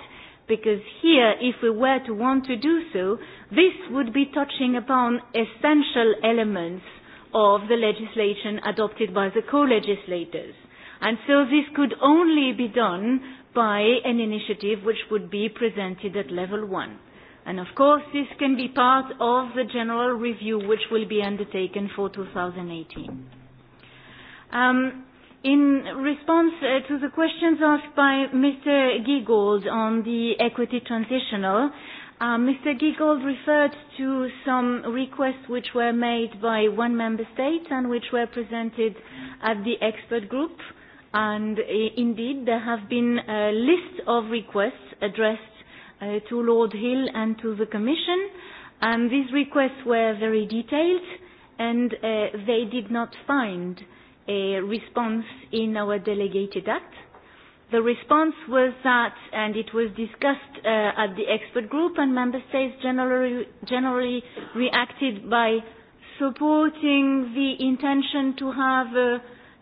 because here, if we were to want to do so, this would be touching upon essential elements of the legislation adopted by the co-legislators. And so this could only be done by an initiative which would be presented at level one. And of course, this can be part of the general review which will be undertaken for 2018. Um, In response uh, to the questions asked by Mr. Giegold on the equity transitional, uh, Mr. Giegold referred to some requests which were made by one member state and which were presented at the expert group. And uh, indeed, there have been a list of requests addressed uh, to Lord Hill and to the Commission. And these requests were very detailed and uh, they did not find uh, a response in our delegated act. The response was that, and it was discussed uh, at the expert group, and member states generally, generally reacted by supporting the intention to have a,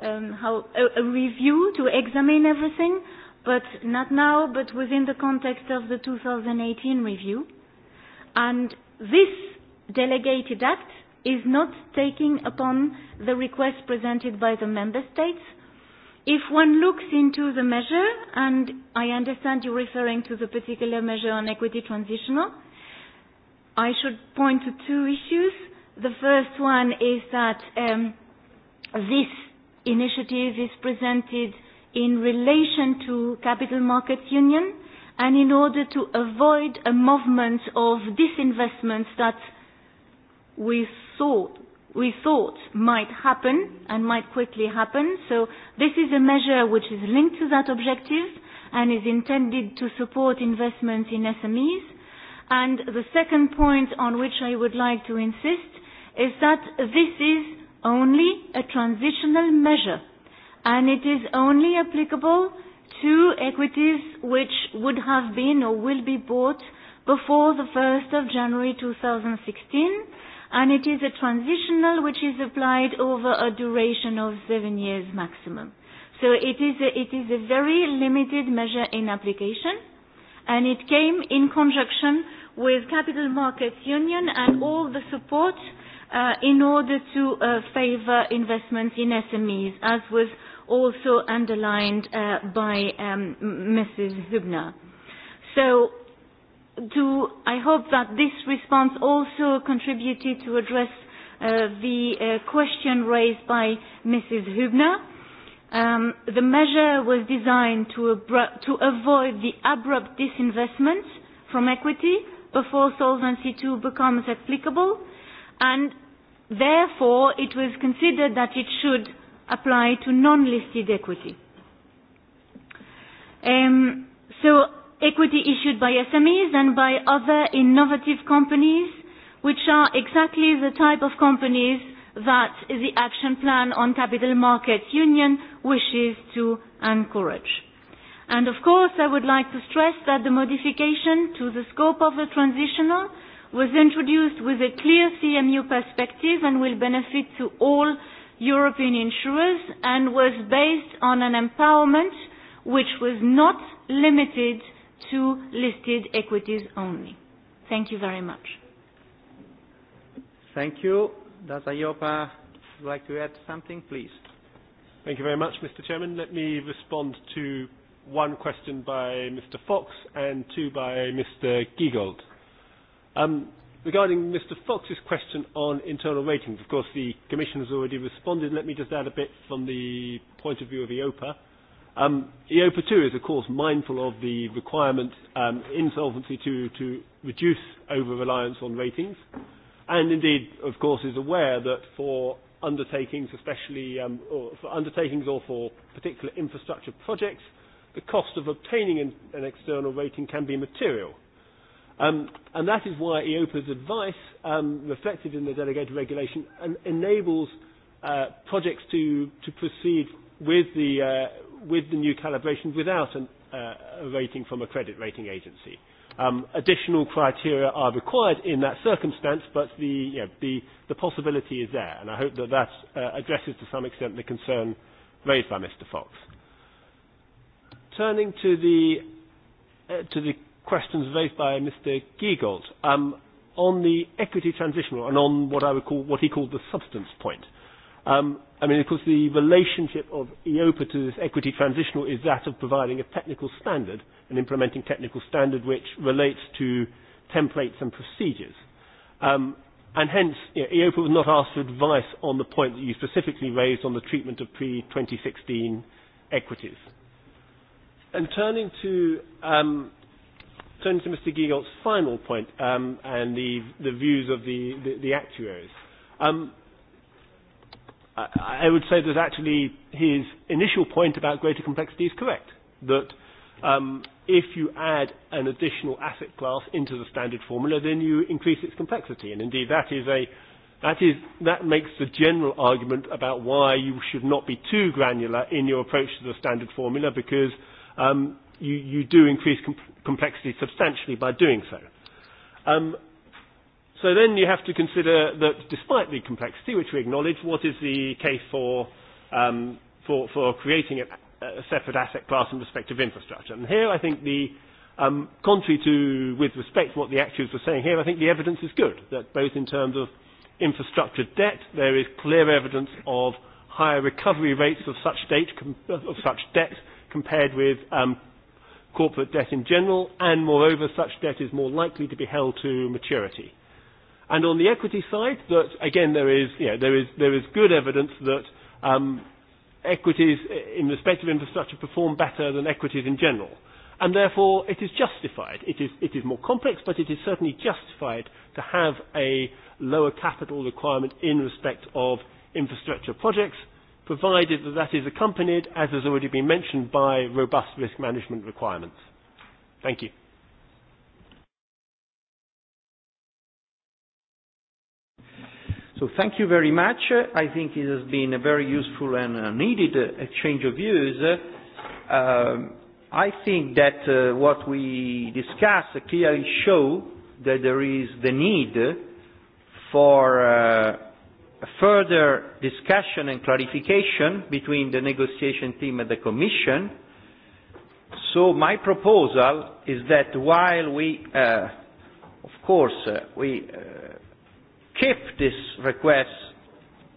um, how, a, a review to examine everything, but not now, but within the context of the 2018 review. And this delegated act is not taking upon the request presented by the member states. If one looks into the measure, and I understand you're referring to the particular measure on equity transitional, I should point to two issues. The first one is that um, this initiative is presented in relation to capital markets union and in order to avoid a movement of disinvestments that we thought we thought might happen and might quickly happen. So this is a measure which is linked to that objective and is intended to support investments in SMEs. And the second point on which I would like to insist is that this is only a transitional measure and it is only applicable to equities which would have been or will be bought before the 1st of January 2016 and it is a transitional which is applied over a duration of seven years maximum. So it is a, it is a very limited measure in application, and it came in conjunction with Capital Markets Union and all the support uh, in order to uh, favour investments in SMEs, as was also underlined uh, by um, Mrs. Hübner. So do I hope that this response also contributed to address uh, the uh, question raised by Mrs. Hübner. Um, the measure was designed to, to avoid the abrupt disinvestment from equity before Solvency II becomes applicable, and therefore it was considered that it should apply to non-listed equity. Um, so equity issued by SMEs and by other innovative companies, which are exactly the type of companies that the action plan on capital markets union wishes to encourage. And of course, I would like to stress that the modification to the scope of the transitional was introduced with a clear CMU perspective and will benefit to all European insurers and was based on an empowerment which was not limited to listed equities only. Thank you very much. Thank you. Does EIOPA would like to add something, please? Thank you very much, Mr. Chairman. Let me respond to one question by Mr. Fox and two by Mr. Giegold. Um, regarding Mr. Fox's question on internal ratings, of course, the Commission has already responded. Let me just add a bit from the point of view of EIOPA. Um, EOPA 2 is, of course, mindful of the requirement um, in Solvency 2 to reduce over-reliance on ratings, and indeed, of course, is aware that for undertakings, especially um, or for undertakings or for particular infrastructure projects, the cost of obtaining an, an external rating can be material. Um, and that is why EOPA's advice, um, reflected in the delegated regulation, enables uh, projects to, to proceed with the uh, with the new calibration without an, uh, a rating from a credit rating agency. Um, additional criteria are required in that circumstance, but the, you know, the, the possibility is there, and I hope that that uh, addresses to some extent the concern raised by Mr. Fox. Turning to the, uh, to the questions raised by Mr. Giegold um, on the equity transitional and on what I would call what he called the substance point. Um, I mean, of course, the relationship of EOPA to this equity transitional is that of providing a technical standard and implementing technical standard which relates to templates and procedures. Um, and hence, you know, EOPA was not asked for advice on the point that you specifically raised on the treatment of pre-2016 equities. And turning to, um, turning to Mr. Giegold's final point um, and the, the views of the, the, the actuaries. Um, I would say that actually his initial point about greater complexity is correct. That um, if you add an additional asset class into the standard formula, then you increase its complexity. And indeed, that is a that is that makes the general argument about why you should not be too granular in your approach to the standard formula, because um, you you do increase com- complexity substantially by doing so. Um, So then you have to consider that despite the complexity, which we acknowledge, what is the case for, um, for, for creating a, a separate asset class in respect of infrastructure? And here I think the, um, contrary to, with respect to what the actuaries were saying here, I think the evidence is good, that both in terms of infrastructure debt, there is clear evidence of higher recovery rates of such, date, of such debt compared with um, corporate debt in general, and moreover, such debt is more likely to be held to maturity. And on the equity side, that again there is, yeah, there is, there is good evidence that um, equities in respect of infrastructure perform better than equities in general. And therefore, it is justified. It is, it is more complex, but it is certainly justified to have a lower capital requirement in respect of infrastructure projects, provided that that is accompanied, as has already been mentioned, by robust risk management requirements. Thank you. So thank you very much. I think it has been a very useful and uh, needed uh, exchange of views. Uh, um, I think that uh, what we discuss clearly show that there is the need for uh, further discussion and clarification between the negotiation team and the Commission. So my proposal is that while we, uh, of course, uh, we uh, keep this request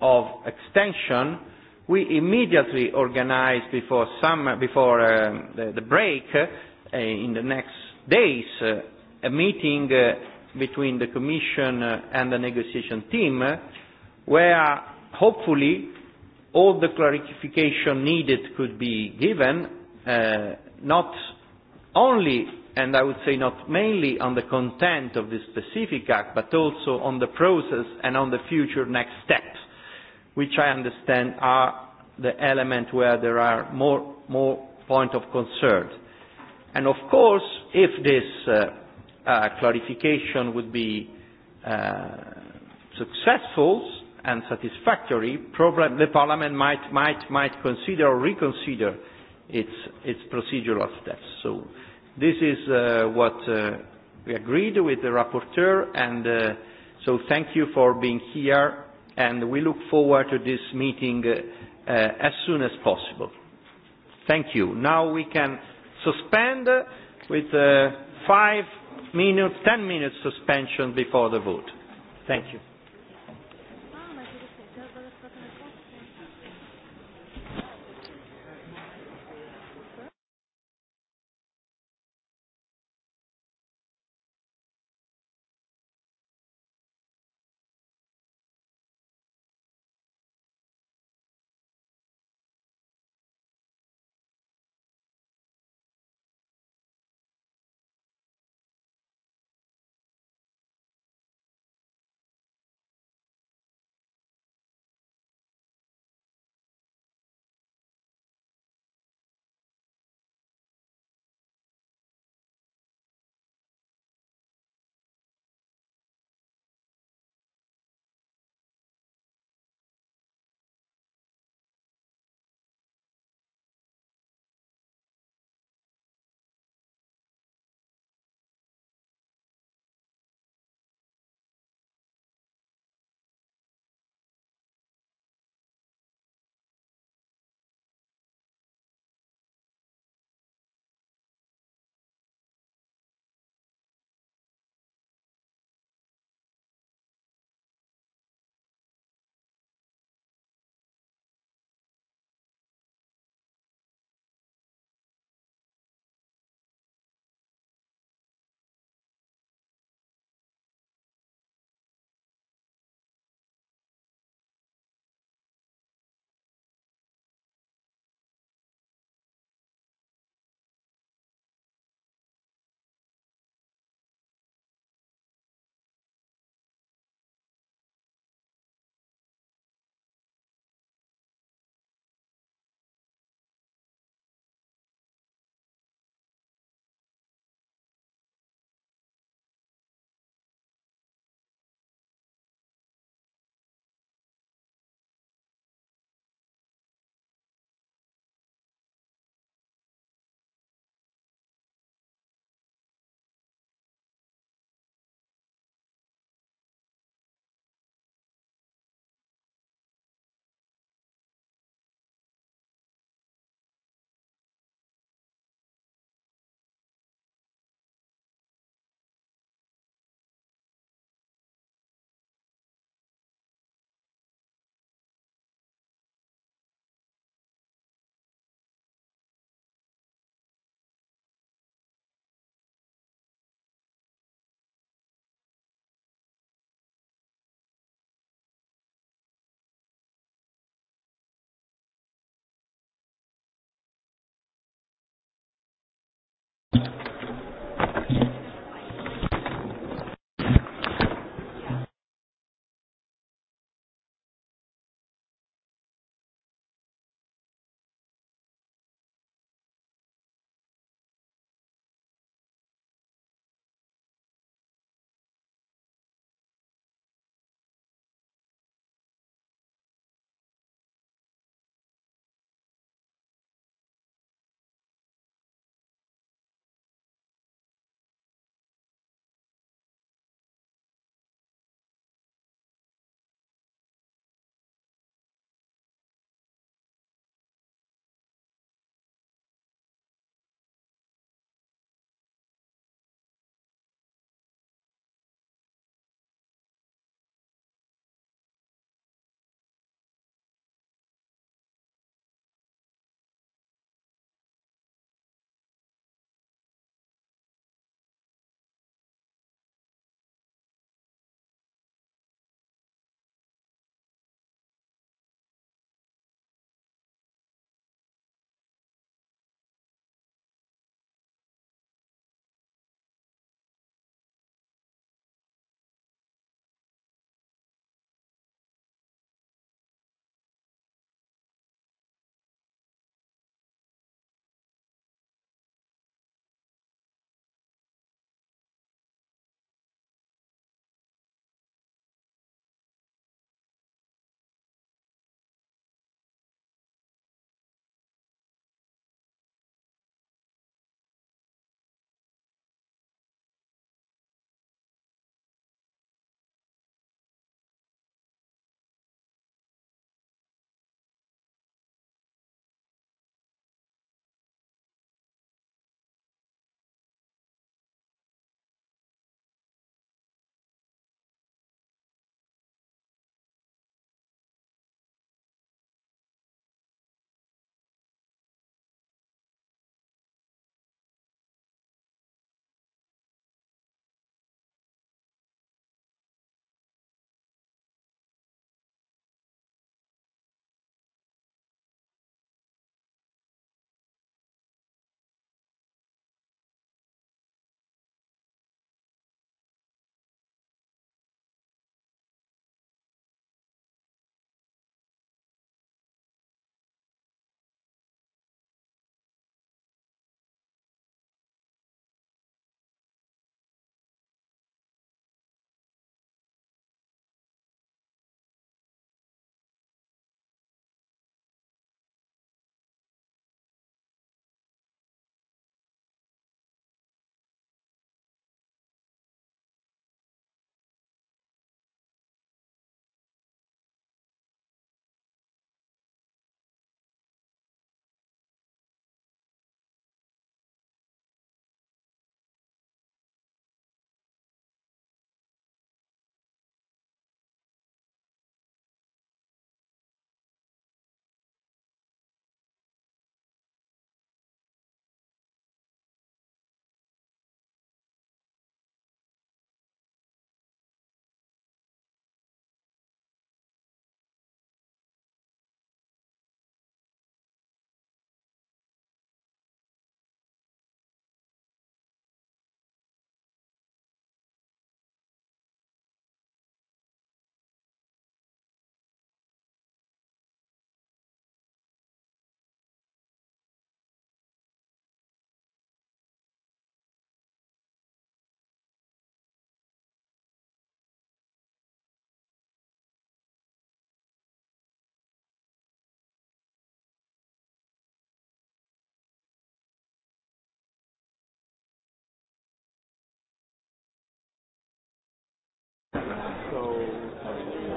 of extension, we immediately organized before, summer, before um, the, the break, uh, in the next days, uh, a meeting uh, between the Commission uh, and the negotiation team, uh, where hopefully all the clarification needed could be given, uh, not only and I would say not mainly on the content of this specific act, but also on the process and on the future next steps, which I understand are the element where there are more, more points of concern. And of course, if this uh, uh, clarification would be uh, successful and satisfactory, problem, the Parliament might, might, might consider or reconsider its, its procedural steps. So This is uh, what uh, we agreed with the rapporteur, and uh, so thank you for being here, and we look forward to this meeting uh, uh, as soon as possible. Thank you. Now we can suspend with uh, five minutes, ten minutes suspension before the vote. Thank you.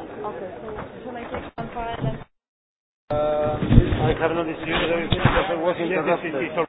Okay, so should I take some file Uh, I have not distributed I was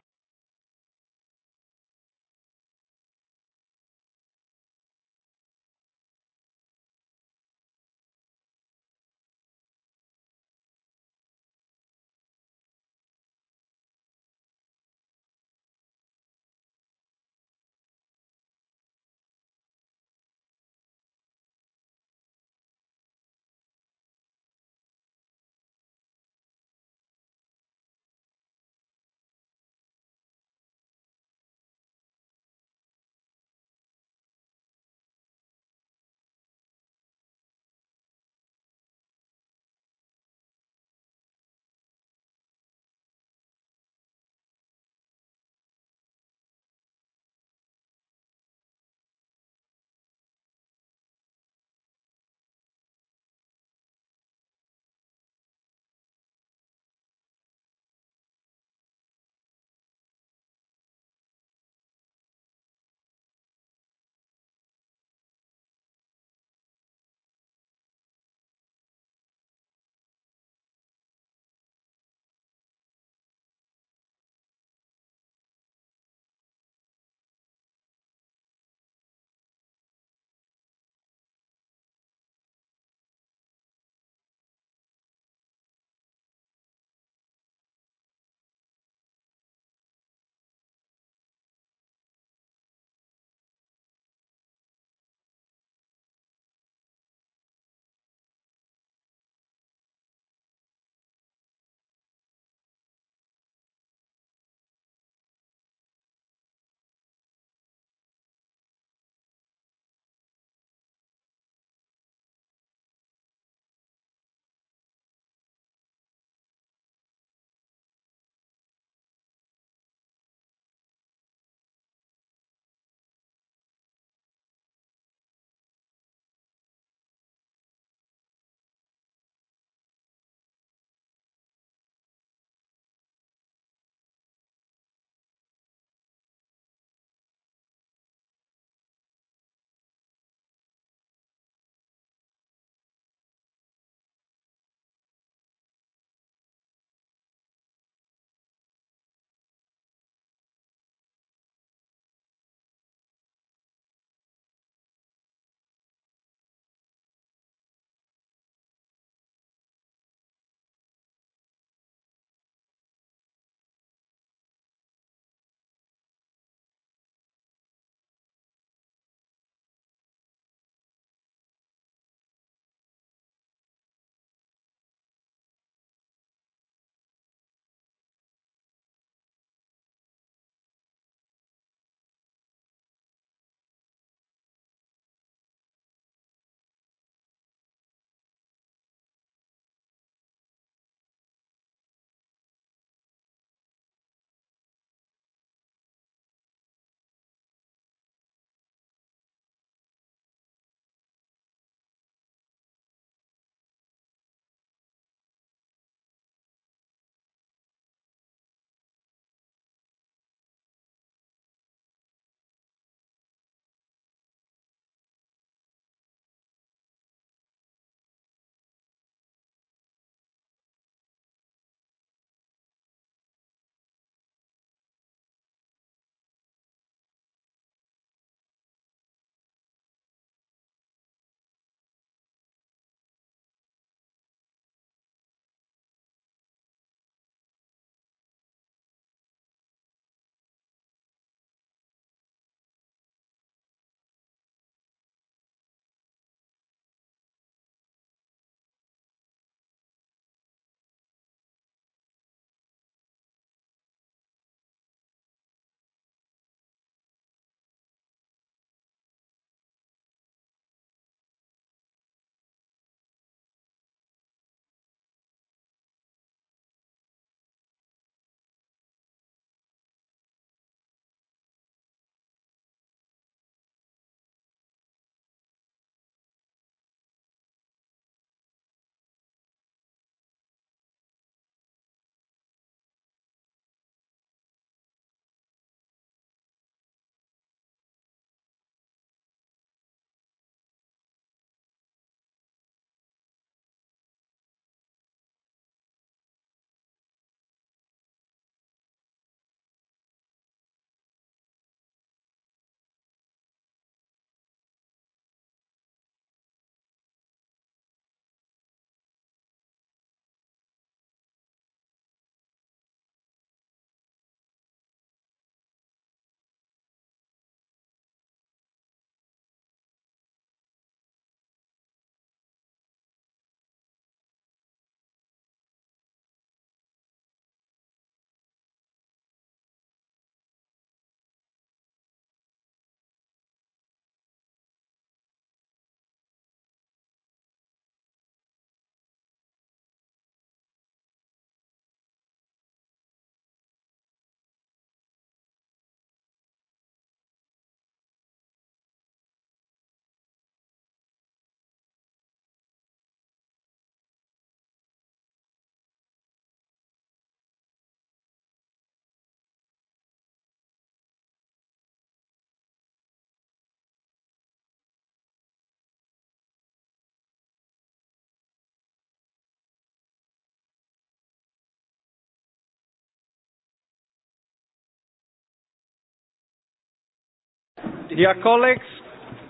Dear colleagues,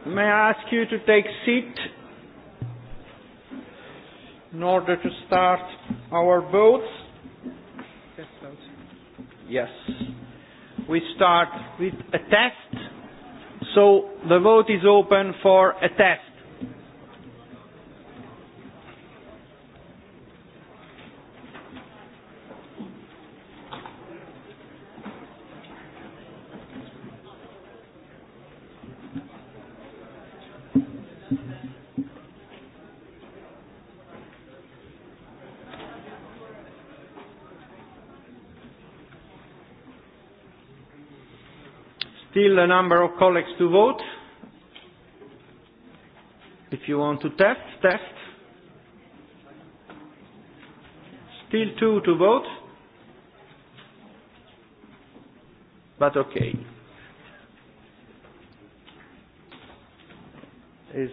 may I ask you to take seat in order to start our votes? Yes. We start with a test. So the vote is open for a test. still a number of colleagues to vote. If you want to test, test. Still two to vote. But okay. It's,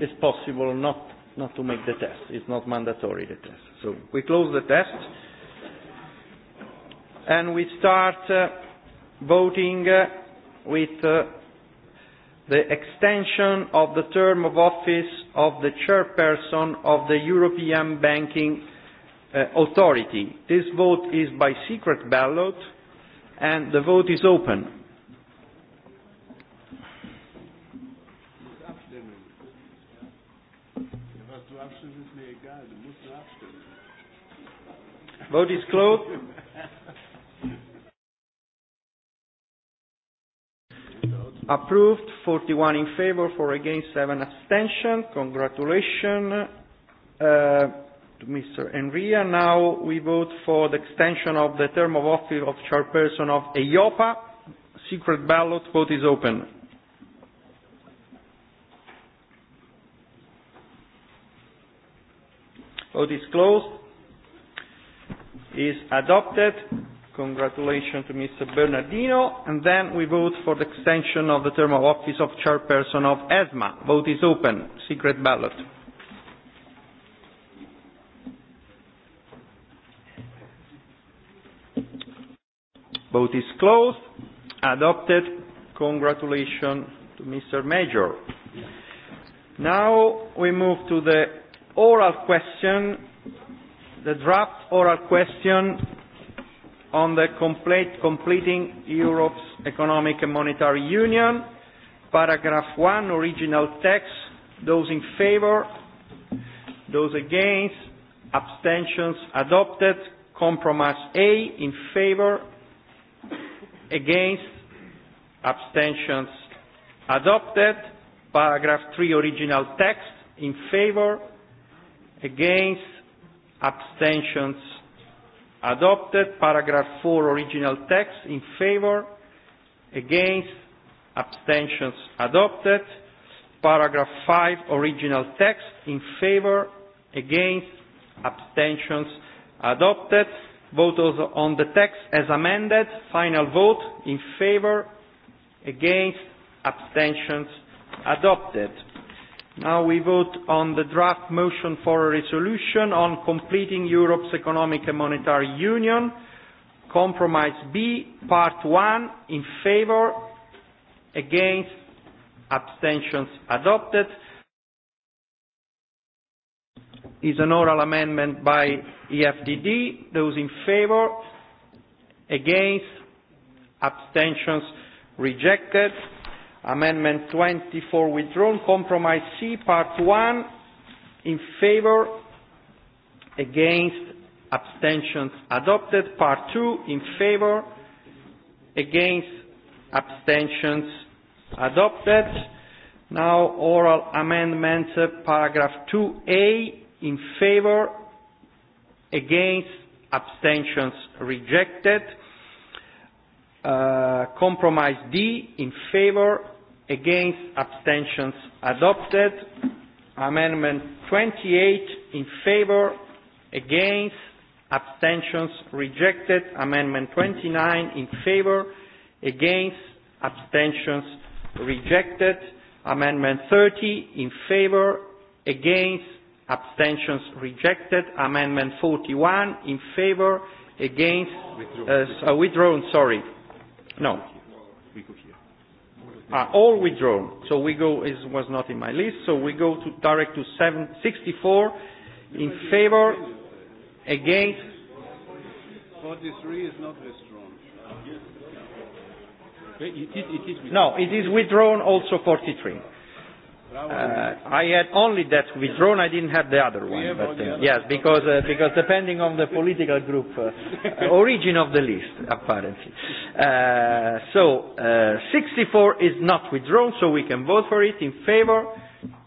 it's possible not, not to make the test. It's not mandatory, the test. So we close the test. And we start uh, voting uh, with uh, the extension of the term of office of the chairperson of the European Banking uh, Authority. This vote is by secret ballot and the vote is open. Vote is closed. Approved, 41 in favor, 4 against, 7 abstention. Congratulations uh, to Mr. Enria. Now we vote for the extension of the term of office of chairperson of EIOPA. Secret ballot vote is open. Vote is closed. Is adopted. Congratulations to Mr. Bernardino. And then we vote for the extension of the term of office of chairperson of ESMA. Vote is open. Secret ballot. Vote is closed. Adopted. Congratulations to Mr. Major. Now we move to the oral question, the draft oral question on the complete, completing Europe's economic and monetary union. Paragraph 1, original text. Those in favor, those against, abstentions adopted. Compromise A, in favor, against, abstentions adopted. Paragraph 3, original text, in favor, against, abstentions adopted. Paragraph 4, original text, in favor, against, abstentions adopted. Paragraph 5, original text, in favor, against, abstentions adopted. Vote on the text as amended. Final vote, in favor, against, abstentions adopted. Now we vote on the draft motion for a resolution on completing Europe's economic and monetary union. Compromise B, part 1, in favor, against, abstentions adopted. Is an oral amendment by EFDD. Those in favor, against, abstentions rejected. Amendment 24 withdrawn. Compromise C, Part 1, in favor, against, abstentions adopted. Part 2, in favor, against, abstentions adopted. Now oral amendments, uh, paragraph 2A, in favor, against, abstentions rejected. Uh, compromise D, in favor, against abstentions adopted amendment 28 in favor against abstentions rejected amendment 29 in favor against abstentions rejected amendment 30 in favor against abstentions rejected amendment 41 in favor against uh, uh withdrawn sorry no Ah, all withdrawn. So we go, it was not in my list, so we go to direct to 64 in favor, against. 43 is not withdrawn. No, it is withdrawn also 43. Uh, I had only that withdrawn. I didn't have the other one. But, uh, yes, because uh, because depending on the political group, uh, *laughs* uh origin of the list apparently. Uh, so uh, 64 is not withdrawn, so we can vote for it in favor,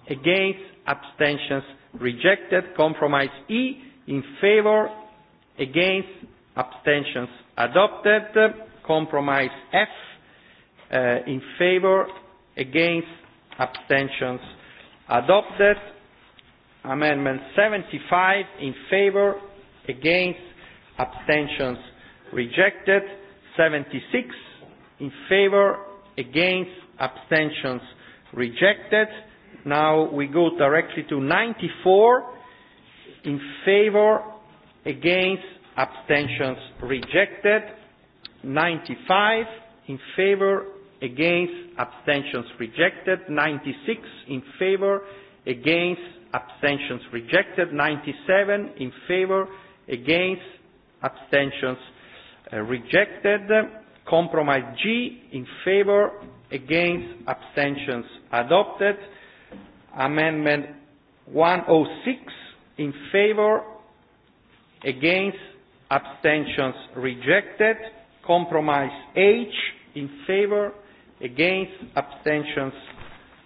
against, abstentions, rejected. Compromise E in favor, against, abstentions, adopted. Compromise F uh, in favor, against abstentions adopted. Amendment 75 in favour, against, abstentions rejected. 76 in favour, against, abstentions rejected. Now we go directly to 94 in favour, against, abstentions rejected. 95 in favour, against, abstentions rejected, 96 in favor, against, abstentions rejected, 97 in favor, against, abstentions uh, rejected, compromise G in favor, against, abstentions adopted, amendment 106 in favor, against, abstentions rejected, compromise H in favor, against abstentions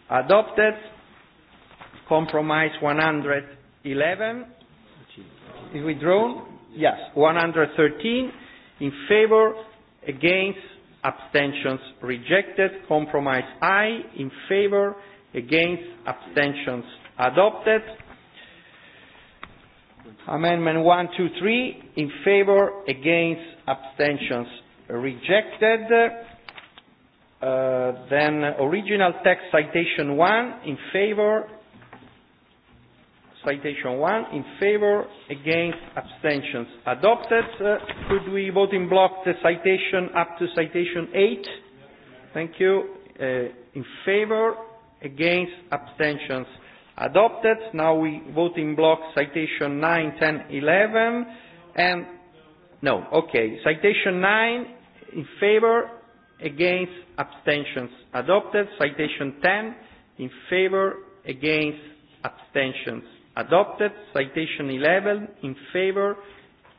adopted compromise 111 is withdrawn yes 113 in favor against abstentions rejected compromise i in favor against abstentions adopted amendment 123 in favor against abstentions rejected Uh, then original text citation 1 in favor, citation 1 in favor, against abstentions adopted. Uh, could we vote in block the citation up to citation 8? Thank you. Uh, in favor, against abstentions adopted. Now we vote in block citation 9, 10, 11, and no, okay. Citation 9 in favor, against, abstentions adopted. Citation 10, in favor, against, abstentions adopted. Citation 11, in favor,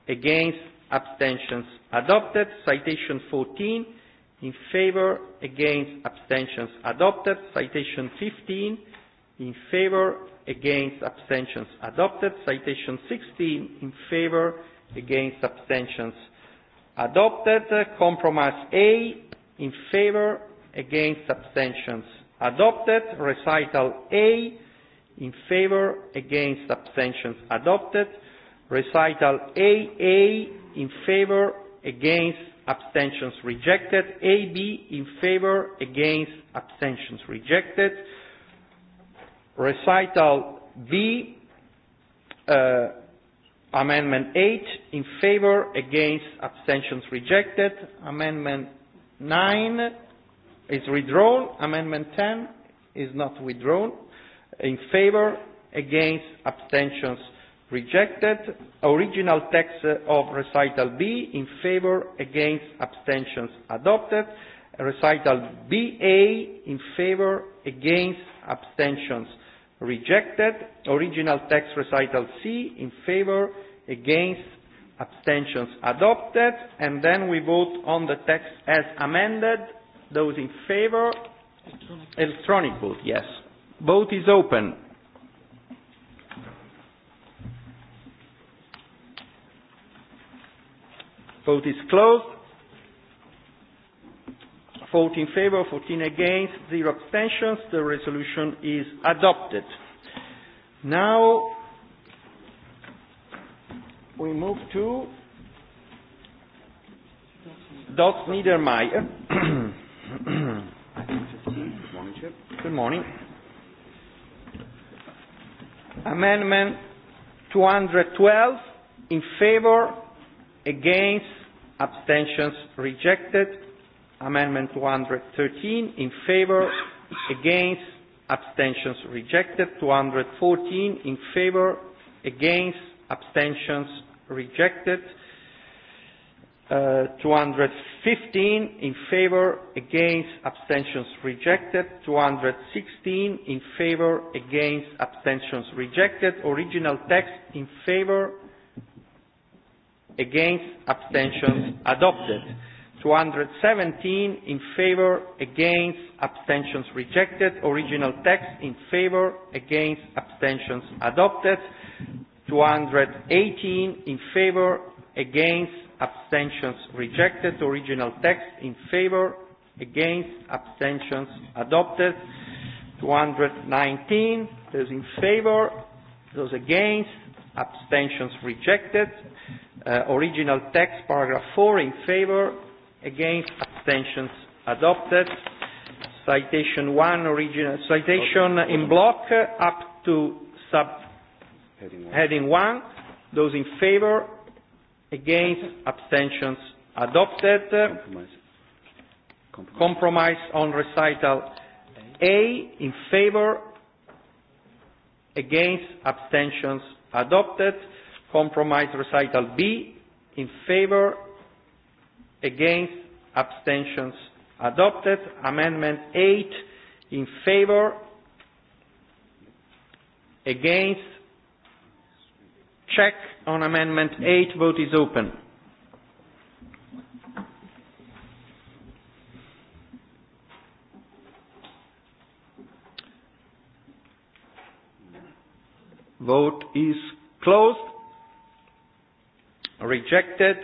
against, abstentions adopted. Citation 14, in favor, against, abstentions adopted. Citation 15, in favor, against, abstentions adopted. Citation 16, in favor, against, abstentions adopted. Compromise A, in favour against abstentions adopted recital a in favour against abstentions adopted recital aa in favour against abstentions rejected ab in favour against abstentions rejected recital b uh, amendment 8 in favour against abstentions rejected amendment 9 is withdrawn. Amendment 10 is not withdrawn. In favor, against, abstentions rejected. Original text of recital B in favor, against, abstentions adopted. Recital BA in favor, against, abstentions rejected. Original text recital C in favor, against, abstentions adopted. And then we vote on the text as amended. Those in favor? Electronic, Electronic vote, yes. Vote is open. Vote is closed. 14 in favor, 14 against, 0 abstentions. The resolution is adopted. Now we move to Dot Niedermeyer. Good morning. Amendment 212 in favor, against, abstentions rejected. Amendment 213 in favor, against, abstentions rejected. 214 in favor, against, abstentions rejected. Uh, 215 in favor, against, abstentions rejected. 216 in favor, against, abstentions rejected. Original text in favor, against, abstentions adopted. 217 in favor, against, abstentions rejected. Original text in favor, against, abstentions adopted. 218 in favor, against, abstentions rejected. Original text in favor, against, abstentions adopted. 219, those in favor, those against, abstentions rejected. Uh, original text, paragraph 4, in favor, against, abstentions adopted. Citation 1, original, citation in block up to sub Heading one. Heading one. Those in favor, against, abstentions adopted. Compromise. Compromise. Compromise on recital A in favor, against, abstentions adopted. Compromise recital B in favor, against, abstentions adopted. Amendment 8 in favor, against, Check on Amendment 8. Vote is open. Vote is closed. Rejected.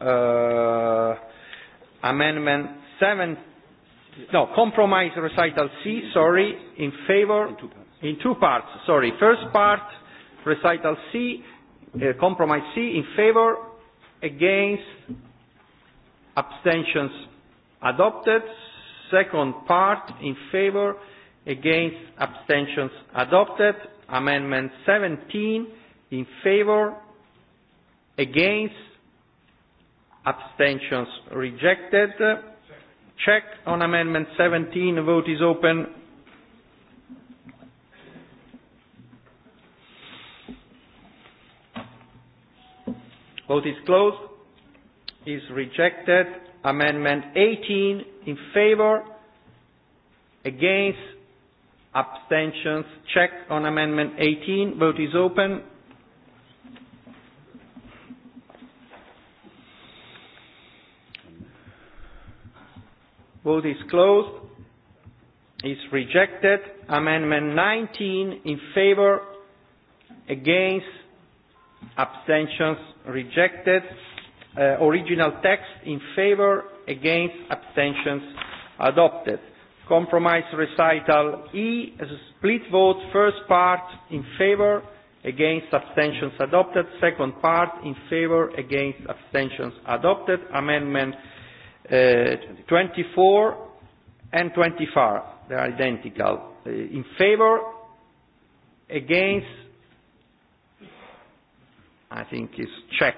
Uh, amendment 7. No, compromise recital C, sorry, in favor. In two parts. In two parts, sorry. First part Recital C, uh, compromise C in favor, against, abstentions adopted. Second part in favor, against, abstentions adopted. Amendment 17 in favor, against, abstentions rejected. Check on amendment 17, The vote is open. Vote is closed. Is rejected. Amendment 18 in favor. Against. Abstentions. Check on Amendment 18. Vote is open. Vote is closed. Is rejected. Amendment 19 in favor. Against. Abstentions rejected. Uh, original text in favor, against, abstentions adopted. Compromise recital E as a split vote, first part in favor, against, abstentions adopted. Second part in favor, against, abstentions adopted. Amendment uh, 24 and 25, are identical. Uh, in favor, against, I think his check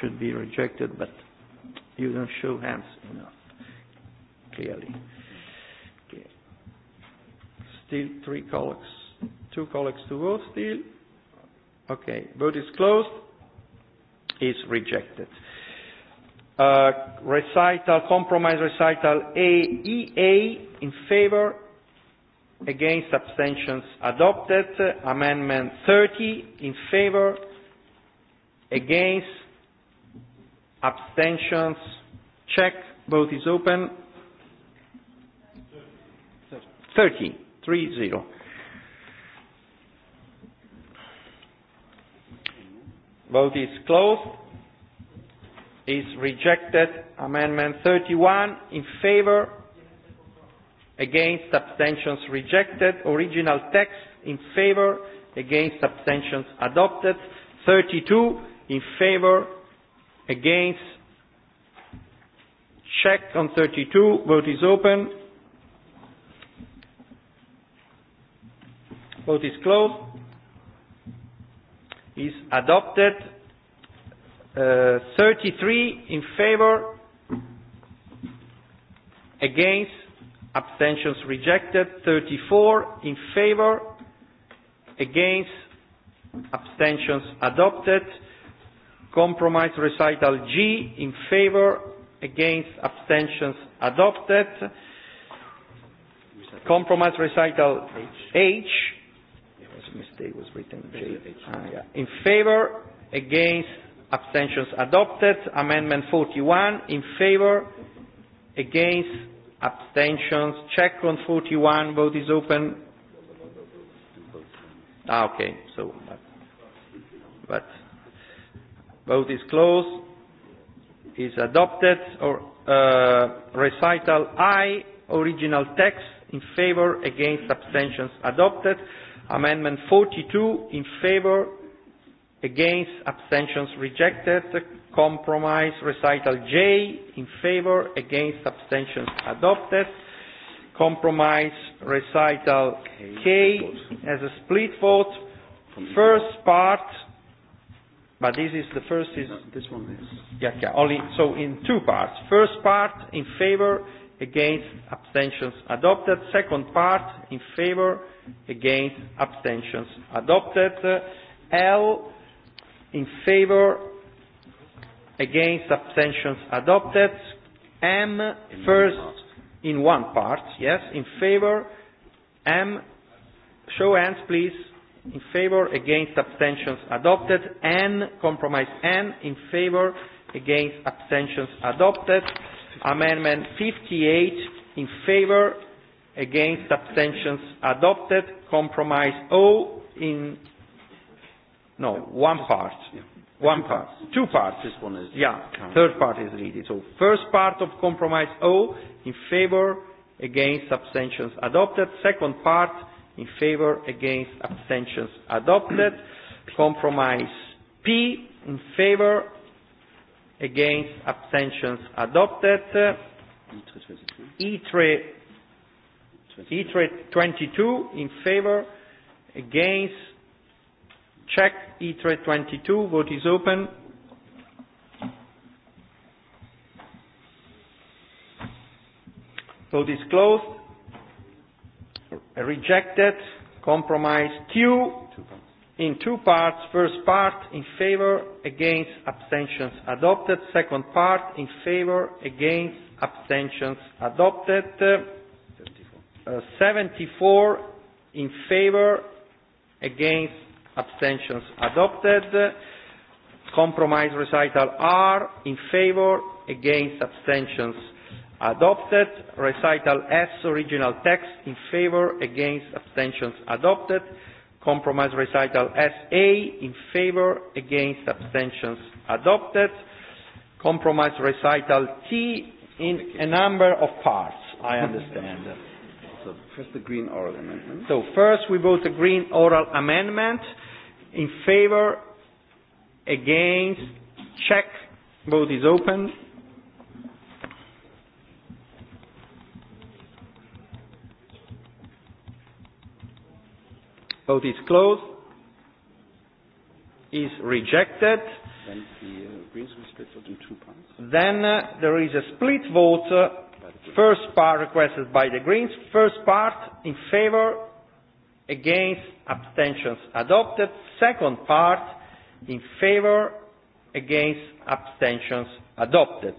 should be rejected, but you don't show hands enough, clearly. Okay. Still three colleagues, two colleagues to vote still. Okay, vote is closed. Is rejected. Uh, recital, compromise recital A, e in favor, against abstentions adopted. Amendment 30 in favor, Against? Abstentions? Check. Vote is open. 30. 3 0. Vote is closed. Is rejected. Amendment 31 in favor. Against abstentions rejected. Original text in favor. Against abstentions adopted. 32 in favor, against, check on 32, vote is open, vote is closed, is adopted, uh, 33 in favor, against, abstentions rejected, 34 in favor, against, abstentions adopted, Compromise recital G in favor, against abstentions adopted. Compromise recital H. Mistake was written J. Ah, yeah. In favor, against, abstentions adopted. Amendment 41 in favor, against, abstentions. Check on 41. Vote is open. Ah, okay. So Vote is closed. Is adopted or uh, recital I, original text, in favor, against abstentions adopted. Amendment 42, in favor, against abstentions rejected. Compromise recital J, in favor, against abstentions adopted. Compromise recital K, as a split vote. First part, But this is the first is this one is yeah, yeah only so in two parts. First part in favor against abstentions adopted. Second part in favor against abstentions adopted. Uh, L in favor against abstentions adopted. M in first one in one part yes in favor. M show hands please in favor, against abstentions adopted, and compromise N in favor, against abstentions adopted. Amendment 58 in favor, against abstentions adopted. Compromise O in, no, one part. One part. Two parts. This one is. Yeah. Third part is needed. So first part of compromise O in favor, against abstentions adopted. Second part in favor, against, abstentions adopted. Compromise P in favor, against, abstentions adopted. e e3 22 e in favor, against, check e3 22, vote is open. Vote is closed rejected. Compromise Q in two parts. First part in favor, against, abstentions adopted. Second part in favor, against, abstentions adopted. Uh, 74 in favor, against, abstentions adopted. Compromise recital R in favor, against, abstentions adopted. Recital S, original text, in favor, against, abstentions adopted. Compromise recital SA, in favor, against, abstentions adopted. Compromise recital T, in a number of parts, I understand. so first the green oral amendment. So first we vote the green oral amendment. In favor, against, check, vote is open. Vote is closed. Is rejected. Then the uh, Greens split in two parts. Then uh, there is a split vote. Uh, first part requested by the Greens. First part in favour, against, abstentions adopted. Second part in favour, against, abstentions adopted.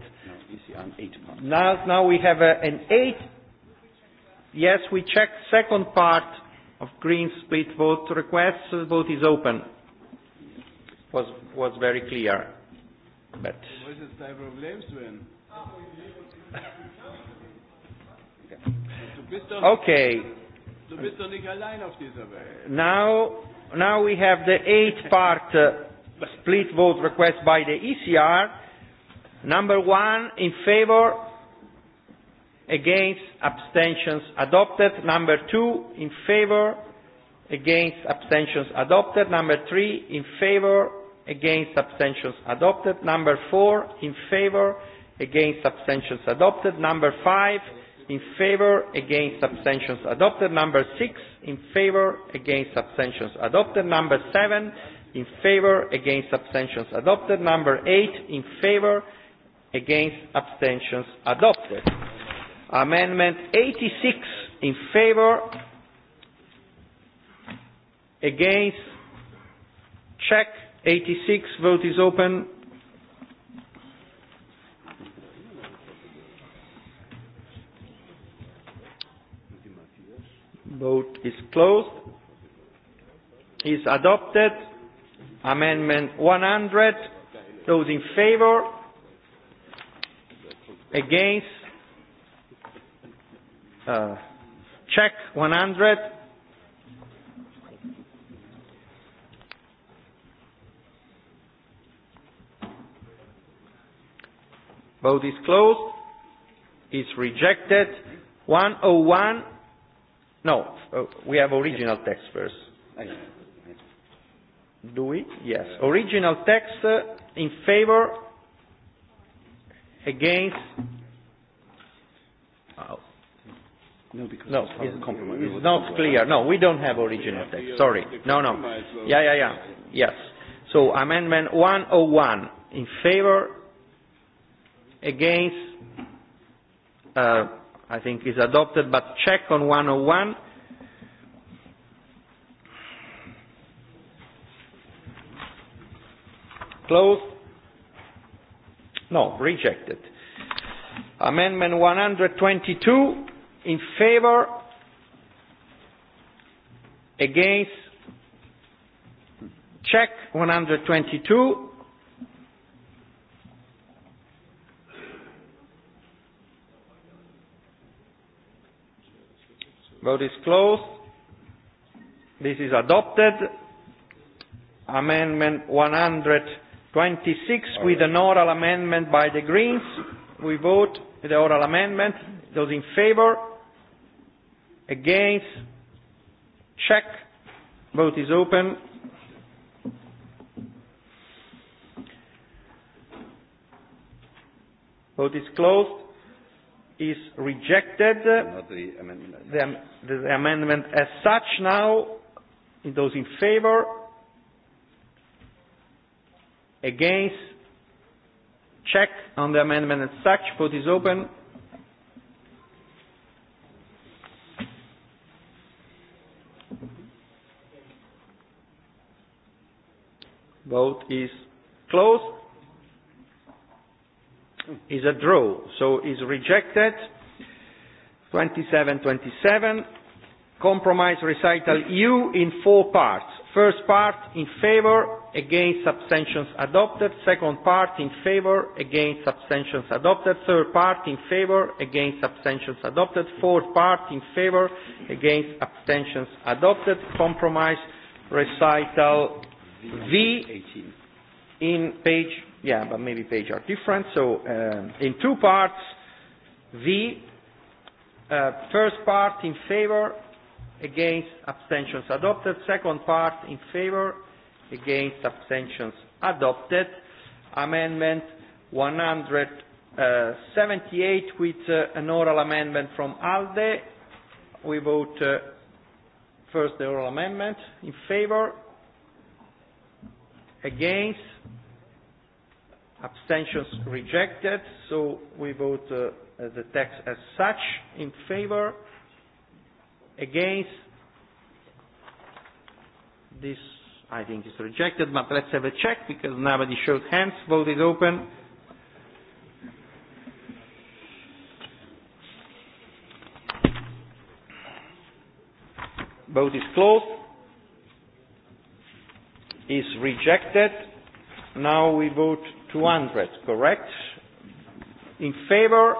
Now, see, now, now we have uh, an eight. Yes, we check second part of Green split vote requests. The vote is open. Was was very clear, but. Okay. Du bist doch nicht allein auf dieser Now, now we have the eight part uh, split vote request by the ECR. Number one in favor against abstentions adopted number two in favor against abstentions adopted number three in favor against abstentions adopted number four in favor against abstentions adopted number five in favor against abstentions adopted number six in favor against abstentions adopted number seven in favor against abstentions adopted number eight in favor against abstentions adopted Amendment 86 in favor, against, check, 86, vote is open. Vote is closed. Is adopted. Amendment 100. Those in favor? Against? Uh, check 100. Vote is closed. It's rejected. 101. No, oh, we have original text first. Do we? Yes. Original text uh, in favor, against, No, because no, it's, it's, compromise. it's not clear. No, we don't have original text. Sorry. No, no. Yeah, yeah, yeah. Yes. So amendment 101 in favor, against, uh, I think is adopted, but check on 101. Closed. No, rejected. Amendment 122 in favor against check 122 vote is closed this is adopted amendment 126 with an oral amendment by the greens we vote the oral amendment those in favor Against? Check. Vote is open. Vote is closed. Is rejected. the amendment. The, the, amendment as such now. Those in favor Against? Check on the amendment as such. Vote is open. Vote is closed. Is a draw, so is rejected. 27, 27. Compromise recital U in four parts. First part in favour, against abstentions adopted. Second part in favour, against abstentions adopted. Third part in favour, against abstentions adopted. Fourth part in favour, against abstentions adopted. Compromise recital V in page, yeah, but maybe page are different. So um, in two parts, V, uh, first part in favor, against abstentions adopted. Second part in favor, against abstentions adopted. Amendment 178 with uh, an oral amendment from ALDE. We vote uh, first the oral amendment in favor, Against? Abstentions rejected. So we vote uh, the text as such. In favor? Against? This, I think, is rejected, but let's have a check because nobody showed hands. Vote is open. Vote is closed is rejected. Now we vote 200, correct? In favor,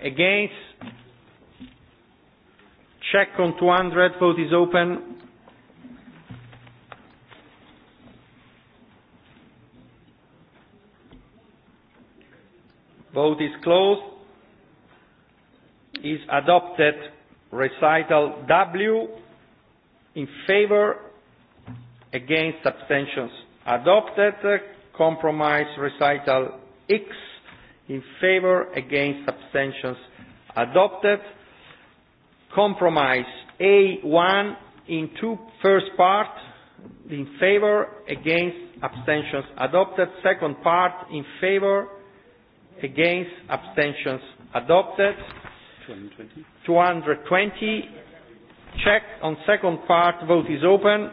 against, check on 200, vote is open. Vote is closed. Is adopted recital W in favor against abstentions adopted. Compromise recital X in favor against abstentions adopted. Compromise A1 in two first part in favor against abstentions adopted. Second part in favor against abstentions adopted. 220. 220. Check on second part. Vote is open.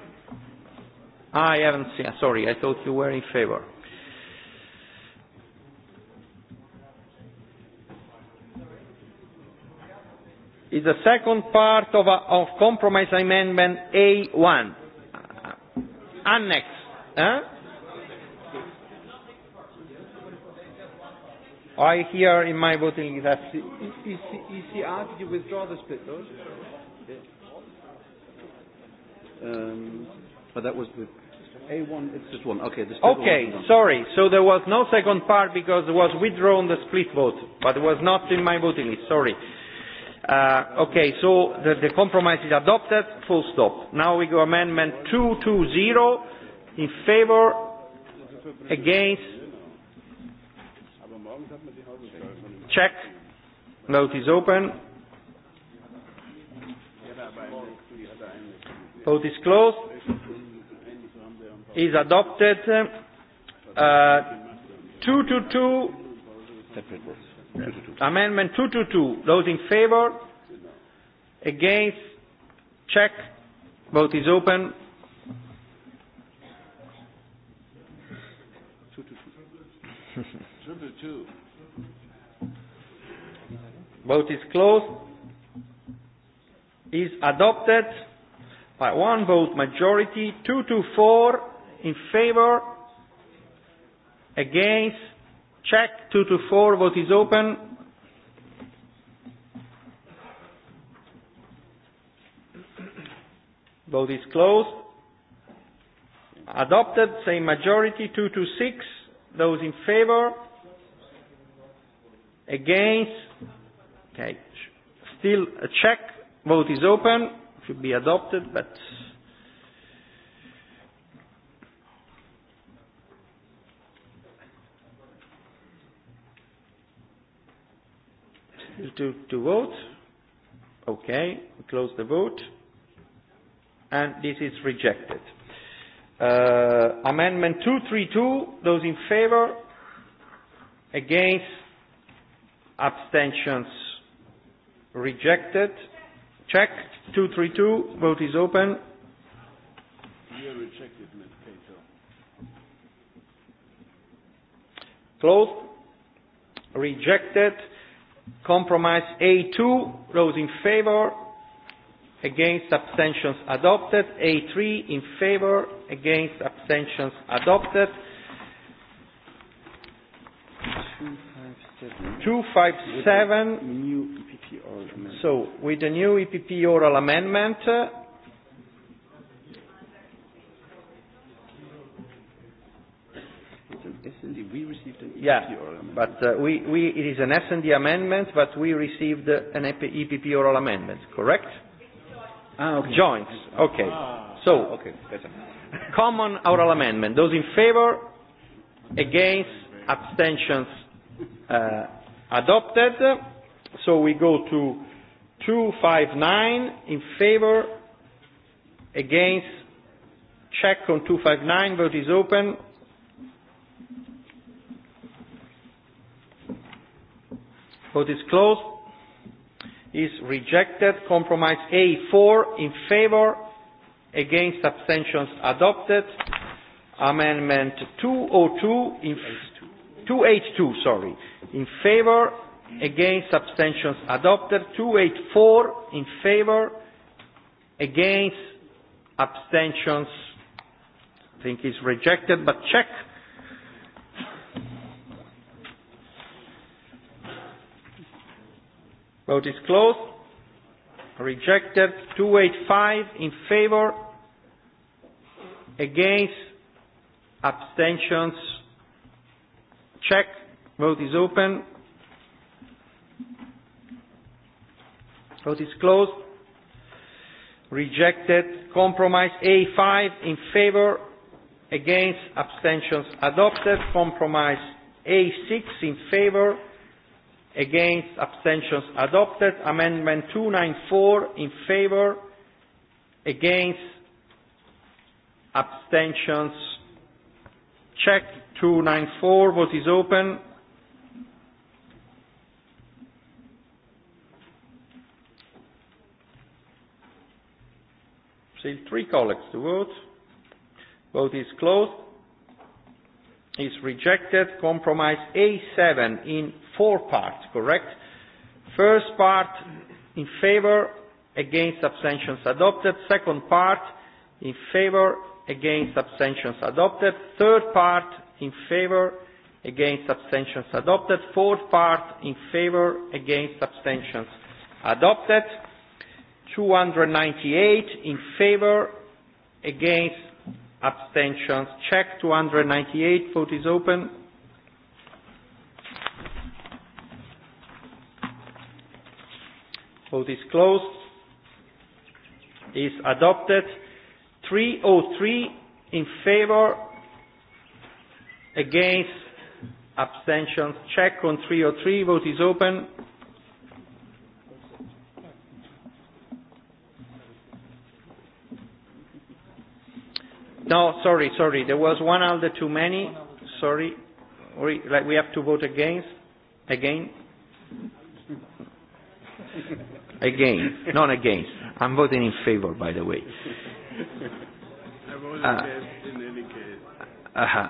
Ah, I haven't seen. Sorry, I thought you were in favor. Is the second part of, a, uh, of compromise amendment A1 annex? Huh? I hear in my voting that. is he asked you withdraw the split Um, but that was the a1, it's just one. Okay, the split okay one. sorry. So there was no second part because it was withdrawn the split vote, but it was not in my voting list. Sorry. Uh, okay, so the, the compromise is adopted, full stop. Now we go amendment 220 in favor, against, check, vote is open. Vote is closed is adopted. Uh, 222, amendment to two those in favor, against, check, vote is open. *laughs* Vote is closed. Is adopted by one vote majority, to four in favor, against, check to four. vote is open. Vote is closed. Adopted, same majority, to six. those in favor, against, okay, still a check, vote is open, should be adopted, but to, to vote. Okay, we close the vote. And this is rejected. Uh, amendment 232, those in favor, against, abstentions, rejected. Check, 232, vote is open. We are rejected, Ms. Cato. Closed, rejected. Compromise A2, those in favour, against abstentions adopted. A3 in favour, against abstentions adopted. 257. E so with the new EPP oral amendment, SND, we received an EPP yeah, oral amendment. but uh, we, we, it is an SND amendment, but we received an EPP e oral amendment, correct? Ah, okay. Joints, okay. Ah, so, okay. *laughs* common oral amendment. Those in favor, against, abstentions uh, adopted. So we go to 259 in favor, against, check on 259, vote is open. Vote is closed. Is rejected. Compromise A4 in favor. Against abstentions adopted. Amendment 202 in 282, sorry, in favor. Against abstentions adopted. 284 in favor. Against abstentions. I think is rejected, but checked. Vote is closed. Rejected. 285 in favor. Against. Abstentions. Check. Vote is open. Vote is closed. Rejected. Compromise A5 in favor. Against. Abstentions adopted. Compromise A6 in favor against abstentions adopted amendment 294 in favor against abstentions check 294 vote is open still three colleagues to vote vote is closed is rejected compromise A7 in four parts, correct? First part, in favor, against abstentions adopted. Second part, in favor, against abstentions adopted. Third part, in favor, against abstentions adopted. Fourth part, in favor, against abstentions adopted. 298 in favor, against abstentions. Check 298. Vote is open. Vote is closed. Is adopted. 303 in favor. Against. Abstentions. Check on 303. Vote is open. No, sorry, sorry. There was one ALDE too many. Sorry. Like we have to vote against. Again. Again, Not against. I'm voting in favor, by the way. I voted uh, against in any case. Uh-huh.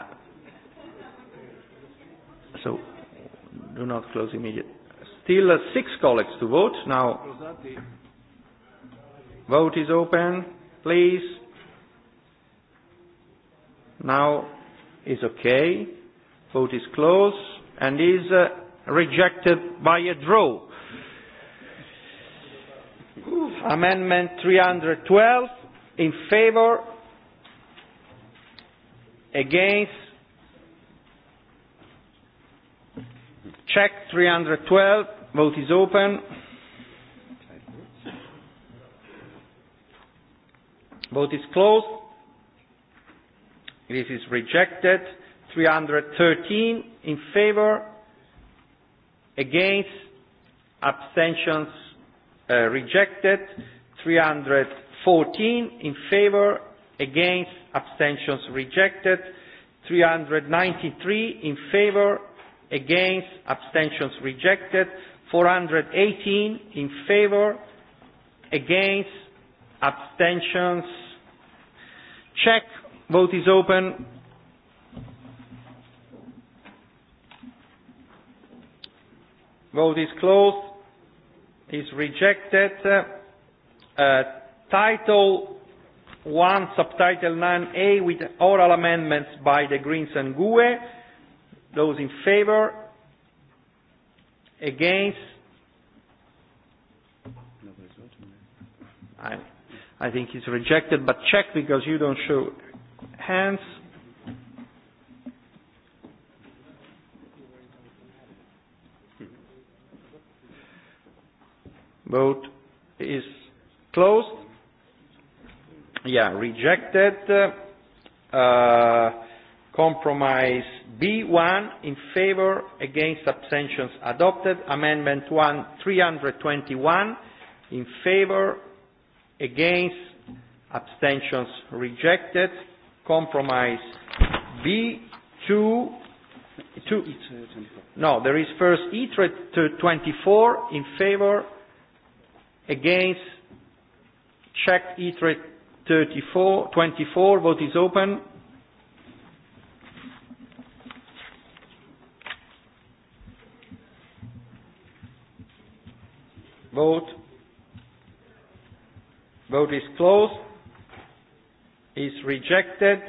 So, do not close immediately. Still uh, six colleagues to vote. Now, vote is open, please. Now is okay. Vote is closed and is uh, rejected by a draw. Amendment 312 in favor, against, check 312, vote is open. Vote is closed. This is rejected. 313 in favor, against, abstentions Uh, rejected 314 in favour against abstentions rejected 393 in favour against abstentions rejected 418 in favour against abstentions check vote is open vote is closed is rejected. Uh, title 1, subtitle 9A with oral amendments by the Greens and GUE. Those in favor? Against? I, I think it's rejected, but check because you don't show hands. Vote is closed. Yeah, rejected. Uh, compromise B1 in favor, against abstentions adopted. Amendment 1, 321 in favor, against abstentions rejected. Compromise B2 Two, e no, there is first E24 in favor, against checked E3 34, 24 vote is open vote vote is closed is rejected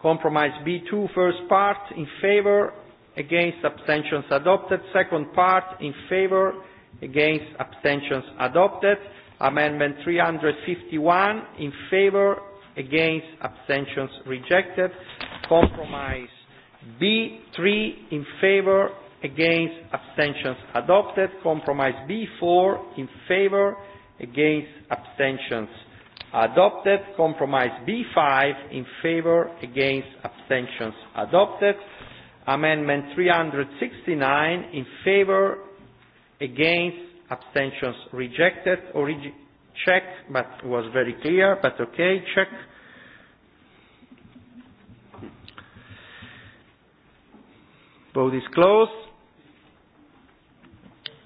compromise B2 first part in favor against abstentions adopted second part in favor against abstentions adopted amendment 351 in favor against abstentions rejected compromise b3 in favor against abstentions adopted compromise b4 in favor against abstentions adopted compromise b5 in favor against abstentions adopted amendment 369 in favor against, abstentions rejected, or re check, but was very clear, but okay, check. Vote is closed.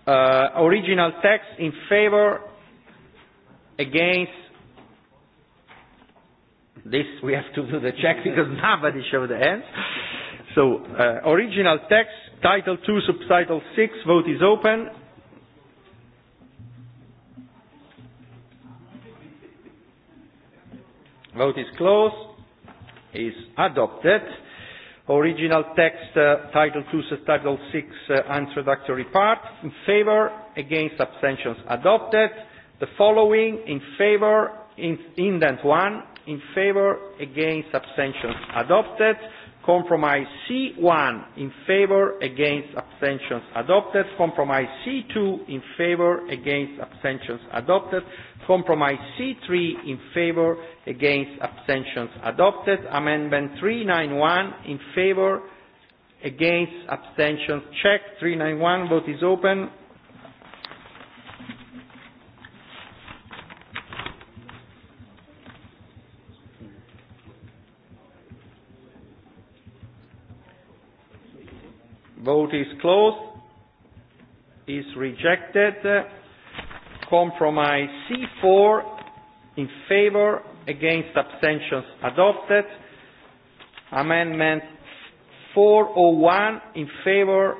Uh, original text in favor, against, this we have to do the check because *laughs* nobody showed the hands. So, uh, original text, title 2, subtitle 6, vote is open. Vote is closed. Is adopted. Original text, uh, Title 2, Title 6, uh, introductory part. In favour, against abstentions adopted. The following, in favour, in, indent 1, in favour, against abstentions adopted. Compromise C1 in favor against abstentions adopted. Compromise C2 in favor against abstentions adopted. Compromise C3 in favor against abstentions adopted. Amendment 391 in favor against abstentions check. 391 vote is open. Vote is closed. Is rejected. Compromise C4 in favor, against abstentions adopted. Amendment 401 in favor,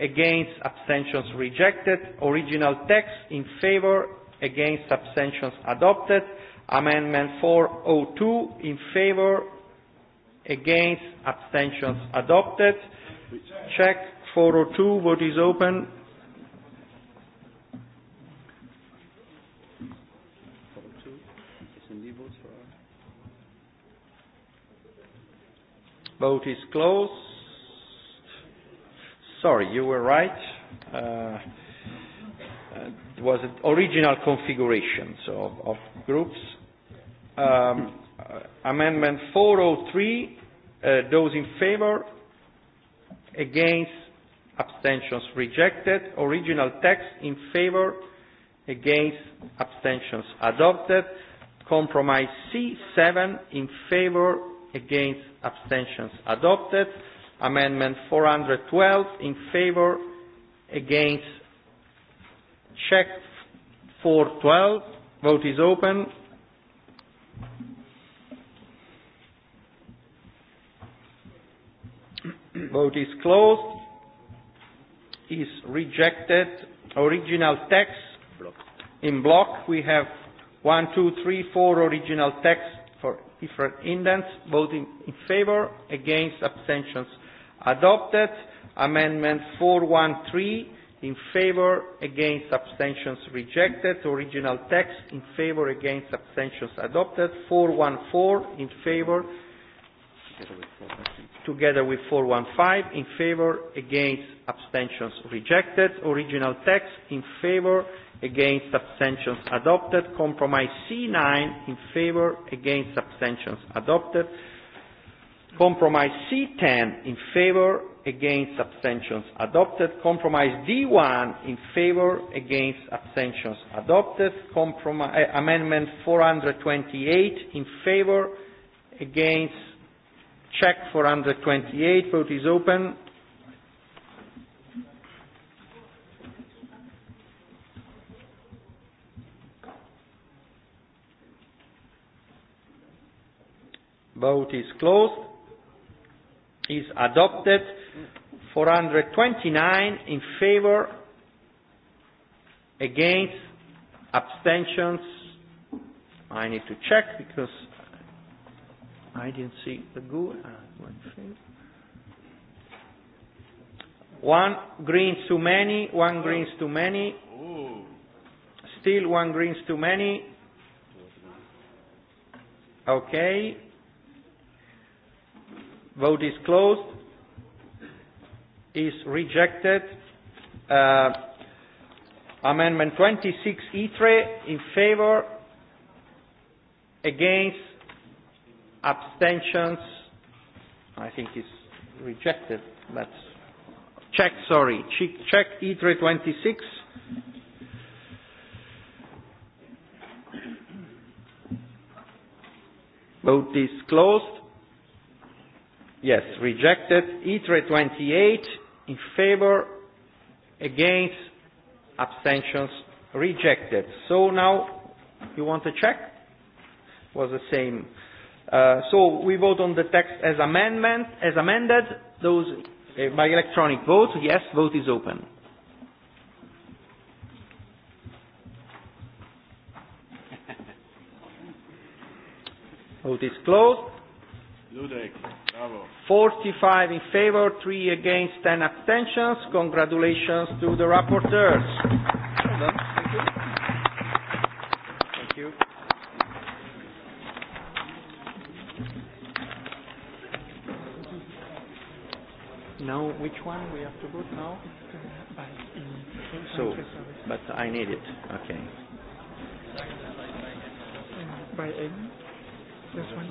against abstentions rejected. Original text in favor, against abstentions adopted. Amendment 402 in favor, against abstentions adopted. Check 402, vote is open. Vote is closed. Sorry, you were right. Uh, uh, it was an original configuration so of, of groups. Um, uh, amendment 403, uh, those in favor, against abstentions rejected. Original text in favor, against, abstentions adopted. Compromise C7 in favor, against, abstentions adopted. Amendment 412 in favor, against, check 412. Vote is open. Vote is closed is rejected. Original text in block. We have one, two, three, four original text for different indents. Voting in favor, against, abstentions adopted. Amendment 413 in favor, against, abstentions rejected. Original text in favor, against, abstentions adopted. 414 in favor together with 415 in favor against abstentions rejected original text in favor against abstentions adopted compromise C9 in favor against abstentions adopted compromise C10 in favor against abstentions adopted compromise D1 in favor against abstentions adopted compromise uh, amendment 428 in favor against Check for 28. Vote is open. Vote is closed. Is adopted. 429 in favor, against, abstentions. I need to check because I didn't see the good. Ah, one greens too many, one greens too many. Still one greens too many. Okay. Vote is closed. Is rejected. Uh, amendment 26 ITRE e in favor. Against abstentions. I think it's rejected. But check, sorry. Check, check E326 Vote is closed. Yes, rejected. E328 in favor, against, abstentions, rejected. So now you want to check? Was the same. Uh, so we vote on the text as amendment, as amended. Those uh, by electronic vote. Yes, vote is open. *laughs* vote is closed. Ludwig, bravo. 45 in favor, 3 against, 10 abstentions. Congratulations to the rapporteurs. Well Thank you. Thank you. Now which one we have to vote now? So, but I need it. Okay. By This one.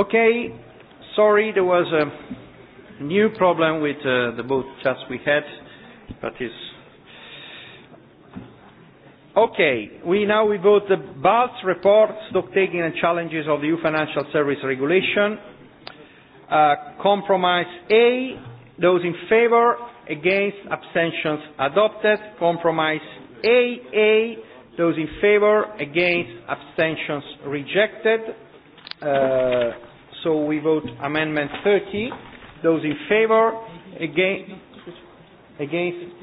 Okay, sorry, there was a new problem with uh, the both chats we had, but it's okay. We now we vote the Balt report, stock taking and challenges of the EU financial service regulation. Uh, compromise A, those in favour, against, abstentions adopted. Compromise AA, those in favour, against, abstentions rejected. Uh, so we vote amendment 30. Those in favor, against, against.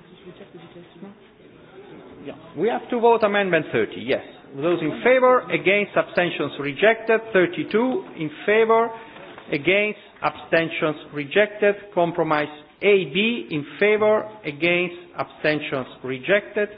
Yeah. We have to vote amendment 30, yes. Those in favor, against, abstentions rejected. 32 in favor, against, abstentions rejected. Compromise AB in favor, against, abstentions rejected.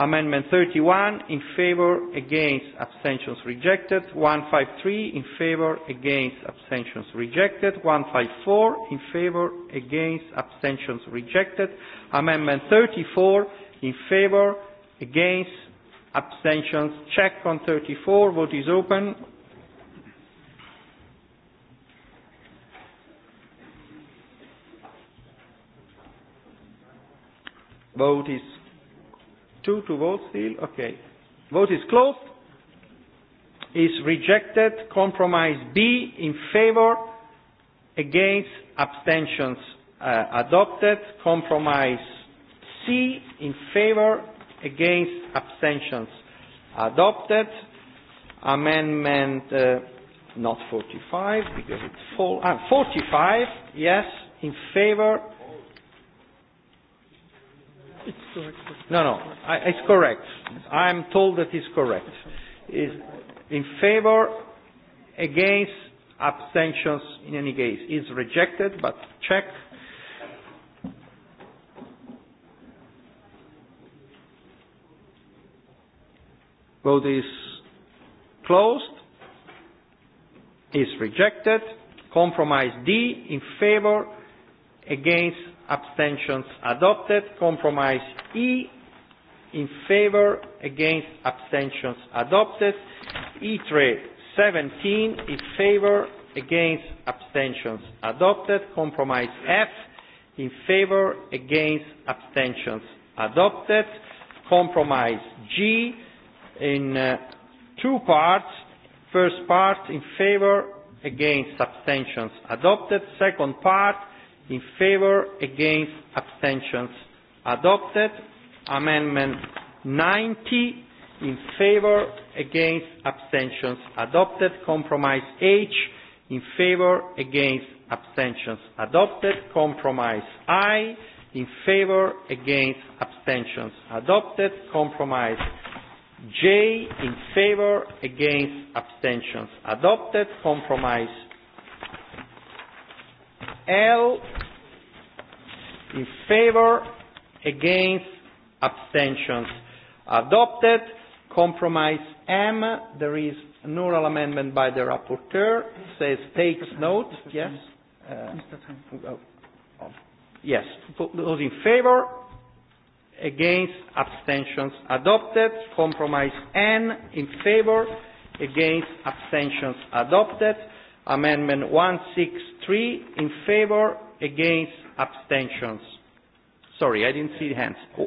Amendment 31 in favor, against, abstentions rejected. 153 in favor, against, abstentions rejected. 154 in favor, against, abstentions rejected. Amendment 34 in favor, against, abstentions. Check on 34. Vote is open. Vote is two to vote still? Okay. Vote is closed. Is rejected. Compromise B in favor. Against. Abstentions uh, adopted. Compromise C in favor. Against. Abstentions adopted. Amendment uh, not 45 because it's full. Uh, 45. Yes. In favor It's correct. No, no, I, it's correct. I'm told that it's correct. Is in favor, against, abstentions. In any case, is rejected, but check. Vote is closed. Is rejected. Compromise D in favor, against abstentions adopted. Compromise E in favor, against abstentions adopted. ITRE 17 in favor, against abstentions adopted. Compromise F in favor, against abstentions adopted. Compromise G in uh, two parts. First part in favor, against abstentions adopted. Second part in favour against abstentions adopted amendment 90 in favour against abstentions adopted compromise H in favour against abstentions adopted compromise I in favour against abstentions adopted compromise J in favour against abstentions adopted compromise L in favor, against, abstentions adopted. Compromise M, there is an oral amendment by the rapporteur, says takes note, yes? Uh, oh, oh, yes, those in favor, against, abstentions adopted. Compromise N in favor, against, abstentions adopted Amendment 163 in favor, against, abstentions. Sorry, I didn't see the hands. Oh.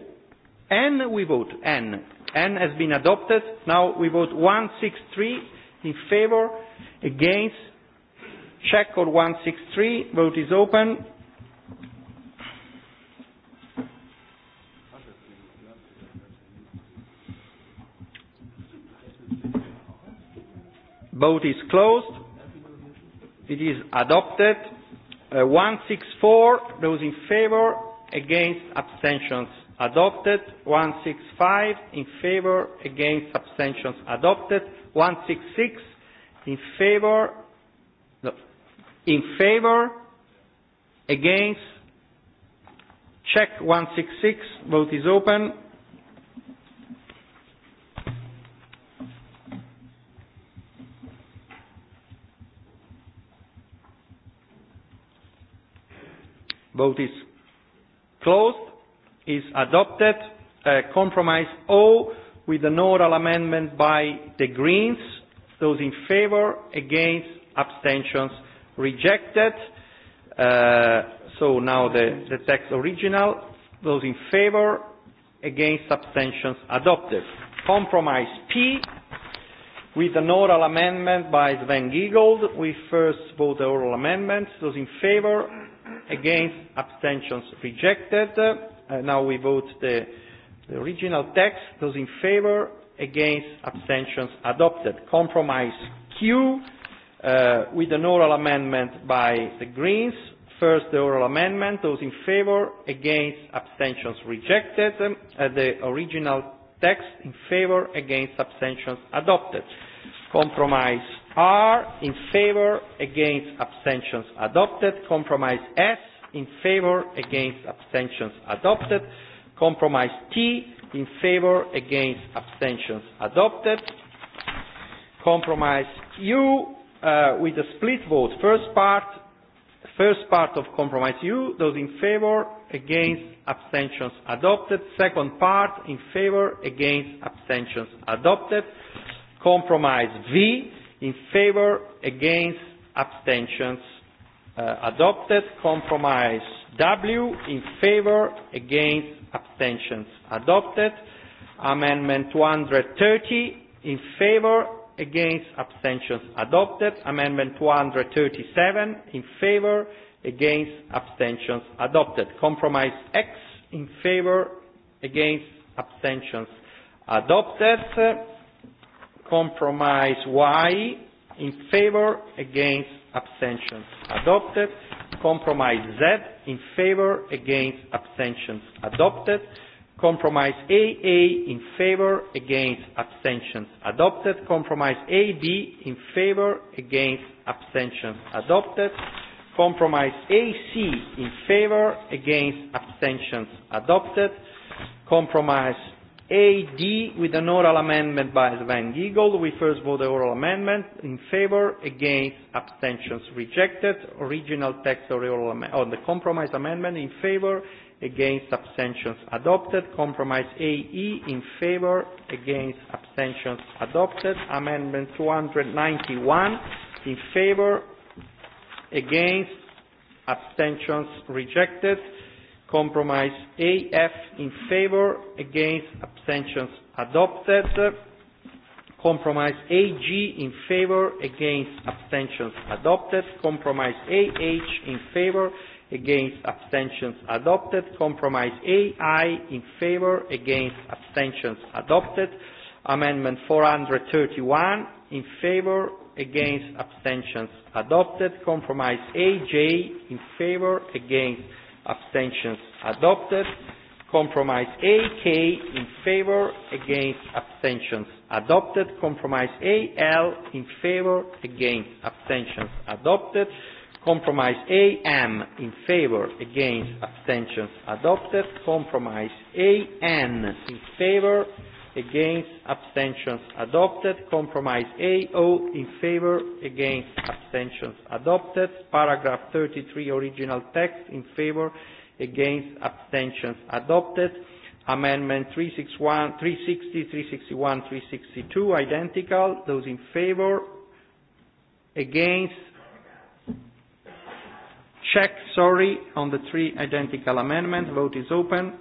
N we vote, N. N has been adopted. Now we vote 163 in favor, against. Check code 163. Vote is open. Vote is closed It is adopted. Uh, 164, those in favor, against abstentions adopted. 165, in favor, against abstentions adopted. 166, in favor, no, in favor, against, check 166, vote is open. Vote is closed. Is adopted. a uh, compromise O with the oral amendment by the Greens. Those in favour, against, abstentions, rejected. Uh, so now the, the text original. Those in favour, against, abstentions, adopted. Compromise P with an oral amendment by Sven Giegold. We first vote the oral amendment. Those in favour, against, abstentions rejected. Uh, now we vote the, the original text. Those in favor, against, abstentions adopted. Compromise Q uh, with an oral amendment by the Greens. First, the oral amendment. Those in favor, against, abstentions rejected. Um, uh, the original text in favor, against, abstentions adopted. Compromise are in favor against abstentions adopted compromise s in favor against abstentions adopted compromise t in favor against abstentions adopted compromise u uh, with a split vote first part first part of compromise u those in favor against abstentions adopted second part in favor against abstentions adopted compromise v In favor, against, abstentions, uh, adopted. Compromise W, in favor, against, abstentions, adopted. Amendment 230, in favor, against, abstentions, adopted. Amendment 237, in favor, against, abstentions, adopted. Compromise X, in favor, against, abstentions, adopted. Compromise Y in favor, against, abstentions adopted. Compromise Z in favor, against, abstentions adopted. Compromise AA in favor, against, abstentions adopted. Compromise AB in favor, against, abstentions adopted. Compromise AC in favor, against, abstentions adopted. Compromise AD with an oral amendment by Sven Giegold. We first vote the oral amendment in favor, against, abstentions rejected. Original text of the, oral am- on the compromise amendment in favor, against, abstentions adopted. Compromise AE in favor, against, abstentions adopted. Amendment 291 in favor, against, abstentions rejected. Compromise AF in favor, against abstentions adopted. Compromise AG in favor, against abstentions adopted. Compromise AH in favor, against abstentions adopted. Compromise AI in favor, against abstentions adopted. Amendment 431 in favor, against abstentions adopted. Compromise AJ in favor, against abstentions adopted. Compromise A K in favor, against abstentions adopted. Compromise A L in favor, against abstentions adopted. Compromise A M in favor, against abstentions adopted. Compromise A N in favor, against abstentions adopted compromise AO in favor against abstentions adopted paragraph 33 original text in favor against abstentions adopted amendment 361 360 361 362 identical those in favor against check sorry on the three identical amendments vote is open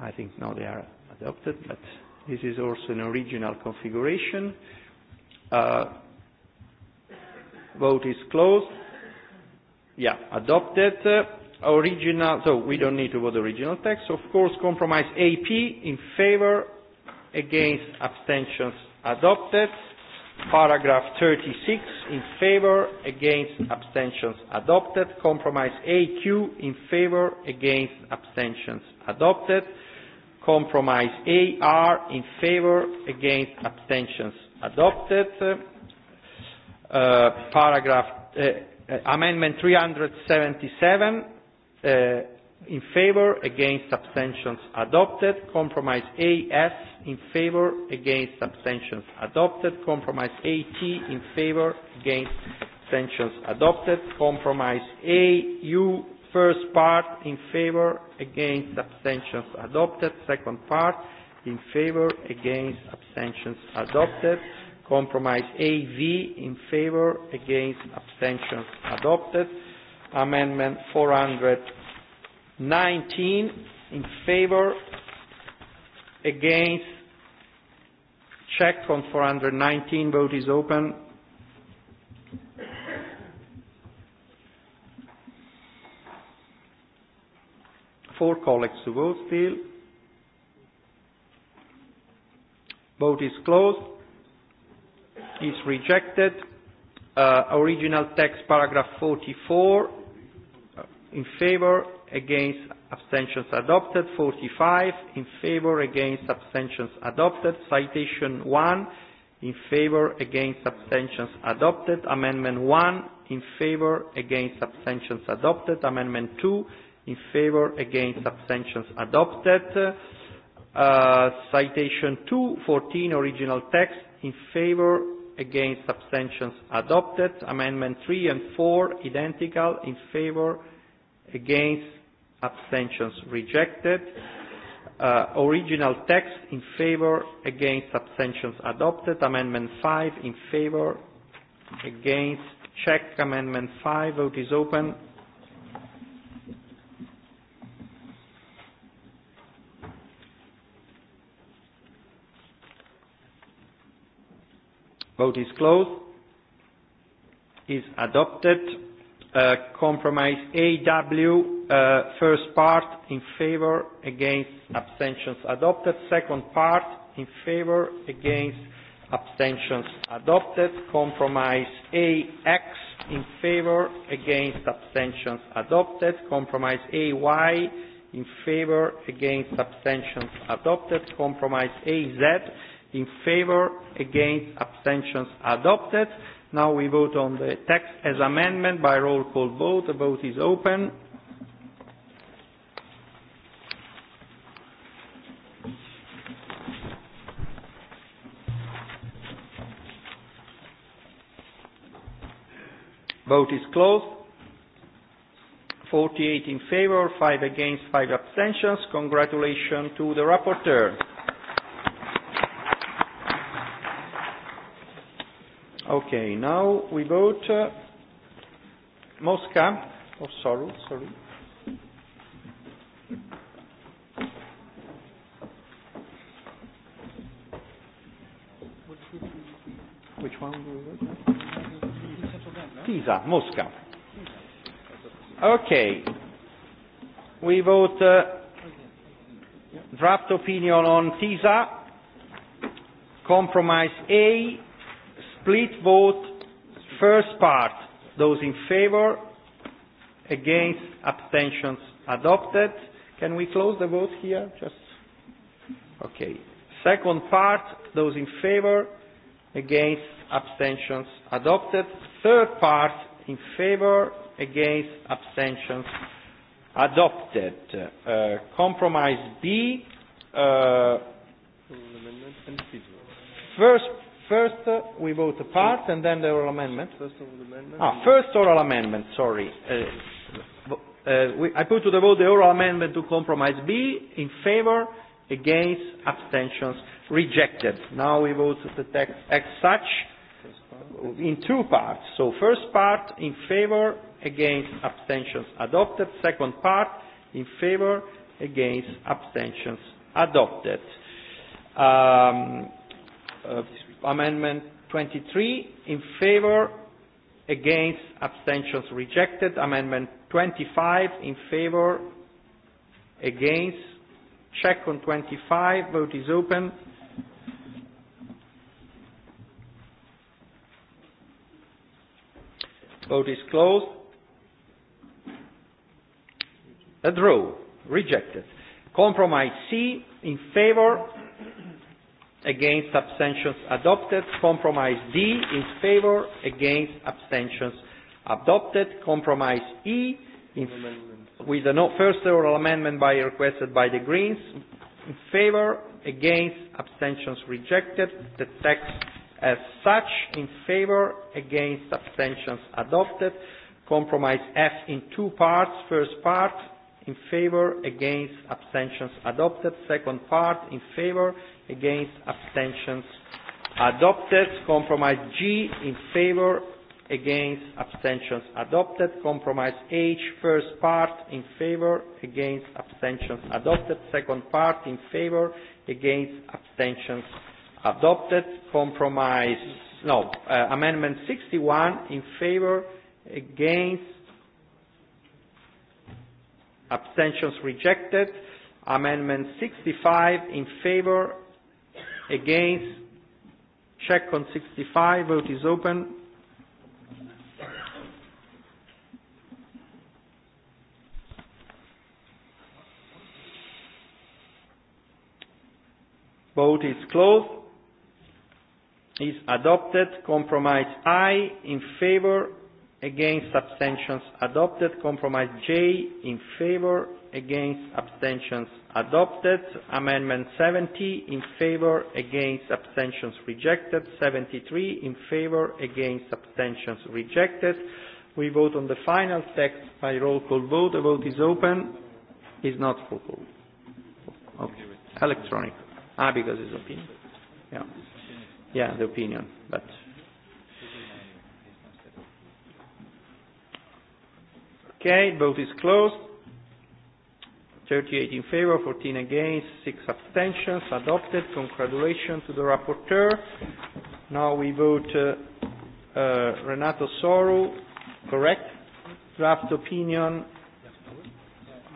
I think now they are adopted, but this is also an original configuration. Uh, vote is closed. Yeah, adopted. Uh, original, so we don't need to vote the original text. Of course, compromise AP in favor, against abstentions adopted. Paragraph 36 in favor, against abstentions adopted. Compromise AQ in favor, against abstentions adopted. Compromise are in favor, against abstentions adopted. Uh, paragraph uh, uh amendment 377 uh, in favor, against abstentions adopted. Compromise AS in favor, against abstentions adopted. Compromise AT in favor, against abstentions adopted. Compromise AU First part in favor, against abstentions adopted. Second part in favor, against abstentions adopted. Compromise AV in favor, against abstentions adopted. Amendment 419 in favor, against. Check on 419. Vote is open. Four colleagues to vote still. Vote is closed. Is rejected. Uh, original text, paragraph 44. Uh, in favor, against, abstentions adopted. 45. In favor, against, abstentions adopted. Citation 1. In favor, against, abstentions adopted. Amendment 1. In favor, against, abstentions adopted. Amendment 2 in favor against abstentions adopted uh, citation 214 original text in favor against abstentions adopted amendment 3 and 4 identical in favor against abstentions rejected uh, original text in favor against abstentions adopted amendment 5 in favor against check amendment 5 vote is open Vote is closed. Is adopted. Uh, compromise AW, uh, first part, in favor, against, abstentions adopted. Second part, in favor, against, abstentions adopted. Compromise AX, in favor, against, abstentions adopted. Compromise AY, in favor, against, abstentions adopted. Compromise AZ, in favor, against, abstentions adopted. Now we vote on the text as amendment by roll call vote. The vote is open. Vote is closed. 48 in favor, 5 against, 5 abstentions. Congratulations to the rapporteur. Okay, now we vote uh, Mosca. Oh, sorry, sorry. Which one do we vote? Pisa, Mosca. Okay. We vote uh, draft opinion on TISA. Compromise A split vote, first part, those in favor, against, abstentions adopted. Can we close the vote here? Just okay. Second part, those in favor, against, abstentions adopted. Third part, in favor, against, abstentions adopted. Uh, compromise B. Uh, First First, uh, we vote part, and then the oral amendment. First oral amendment. Ah, first oral amendment, sorry. Uh, uh, we, I put to the vote the oral amendment to compromise B in favor, against, abstentions, rejected. Now we vote the text as such in two parts. So first part, in favor, against, abstentions, adopted. Second part, in favor, against, abstentions, adopted. Um, uh, Amendment 23 in favor, against, abstentions rejected. Amendment 25 in favor, against. Check on 25. Vote is open. Vote is closed. A draw. Rejected. Compromise C in favor, against abstentions adopted. Compromise D in favor against abstentions adopted. Compromise E in with the no first oral amendment by requested by the Greens in favor against abstentions rejected. The text as such in favor against abstentions adopted. Compromise F in two parts. First part in favor, against, abstentions adopted. Second part, in favor, against, abstentions adopted. Compromise G, in favor, against, abstentions adopted. Compromise H, first part, in favor, against, abstentions adopted. Second part, in favor, against, abstentions adopted. Compromise, no, uh, amendment 61, in favor, against, abstentions rejected. Amendment 65 in favor, against, check on 65, vote is open. Vote is closed. Is adopted. Compromise I in favor, against abstentions adopted. Compromise J in favor against abstentions adopted. Amendment 70 in favor against abstentions rejected. 73 in favor against abstentions rejected. We vote on the final text by roll call vote. The vote is open. Is not for call. Okay. Electronic. Ah, because it's opinion. Yeah. Yeah, the opinion. But Okay, vote is closed. 38 in favor, 14 against, 6 abstentions. Adopted. Congratulations to the rapporteur. Now we vote uh, uh, Renato Soru, correct? Draft opinion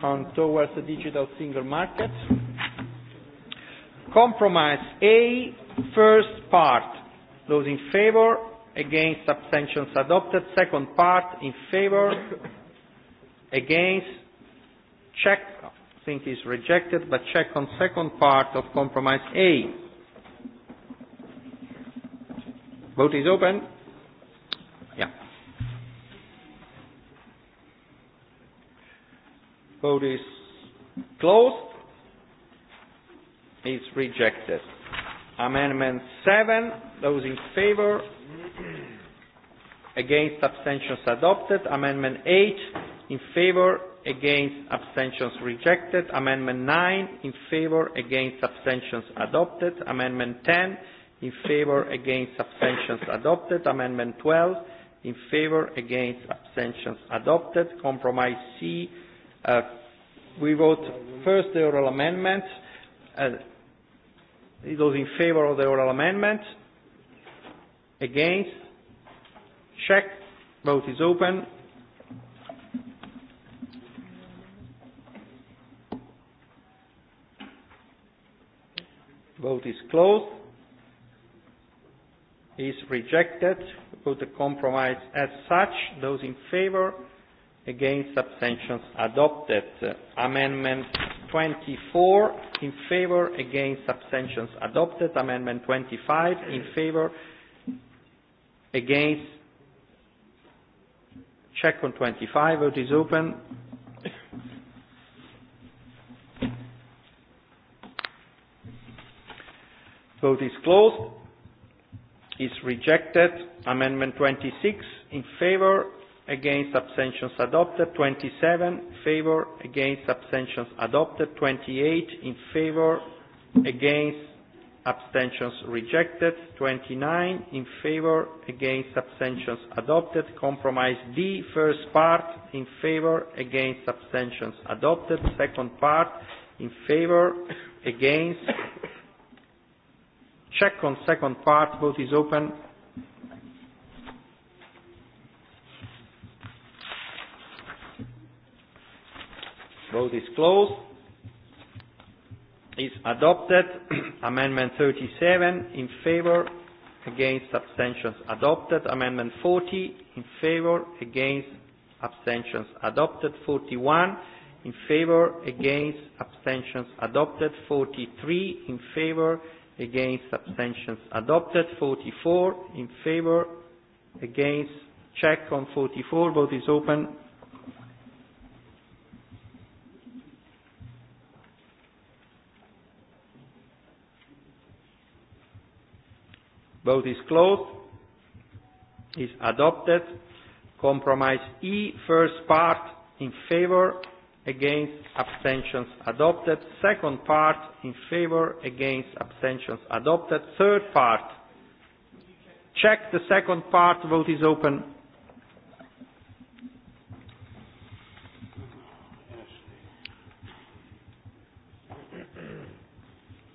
on towards the digital single market. Compromise A, first part. Those in favor, against abstentions adopted. Second part, in favor, against, check, I think is rejected, but check on second part of compromise A. Vote is open. Yeah. Vote is closed. It's rejected. Amendment 7, those in favor, against abstentions adopted. Amendment 8, in favor, against, abstentions rejected. Amendment 9, in favor, against, abstentions adopted. Amendment 10, in favor, against, abstentions adopted. Amendment 12, in favor, against, abstentions adopted. Compromise C, uh, we vote first the oral amendment. Uh, those in favor of the oral amendment, against, check, vote is open. Vote is closed. Is rejected. Vote the compromise as such. Those in favor, against abstentions adopted. Uh, amendment 24 in favor, against abstentions adopted. Amendment 25 in favor, against. Check on 25. Vote is open. Vote is closed. Is rejected. Amendment 26 in favor, against abstentions adopted. 27 favor, against abstentions adopted. 28 in favor, against abstentions rejected. 29 in favor, against abstentions adopted. Compromise D, first part, in favor, against abstentions adopted. Second part, in favor, against Check on second part. Vote is open. Vote is closed. Is adopted. *clears throat* Amendment 37 in favor, against abstentions adopted. Amendment 40 in favor, against abstentions adopted. 41 in favor, against abstentions adopted. 43 in favor, against against abstentions adopted 44 in favor against check on 44 vote is open vote is closed is adopted compromise e first part in favor against abstentions adopted second part in favor against abstentions adopted third part check the second part vote is open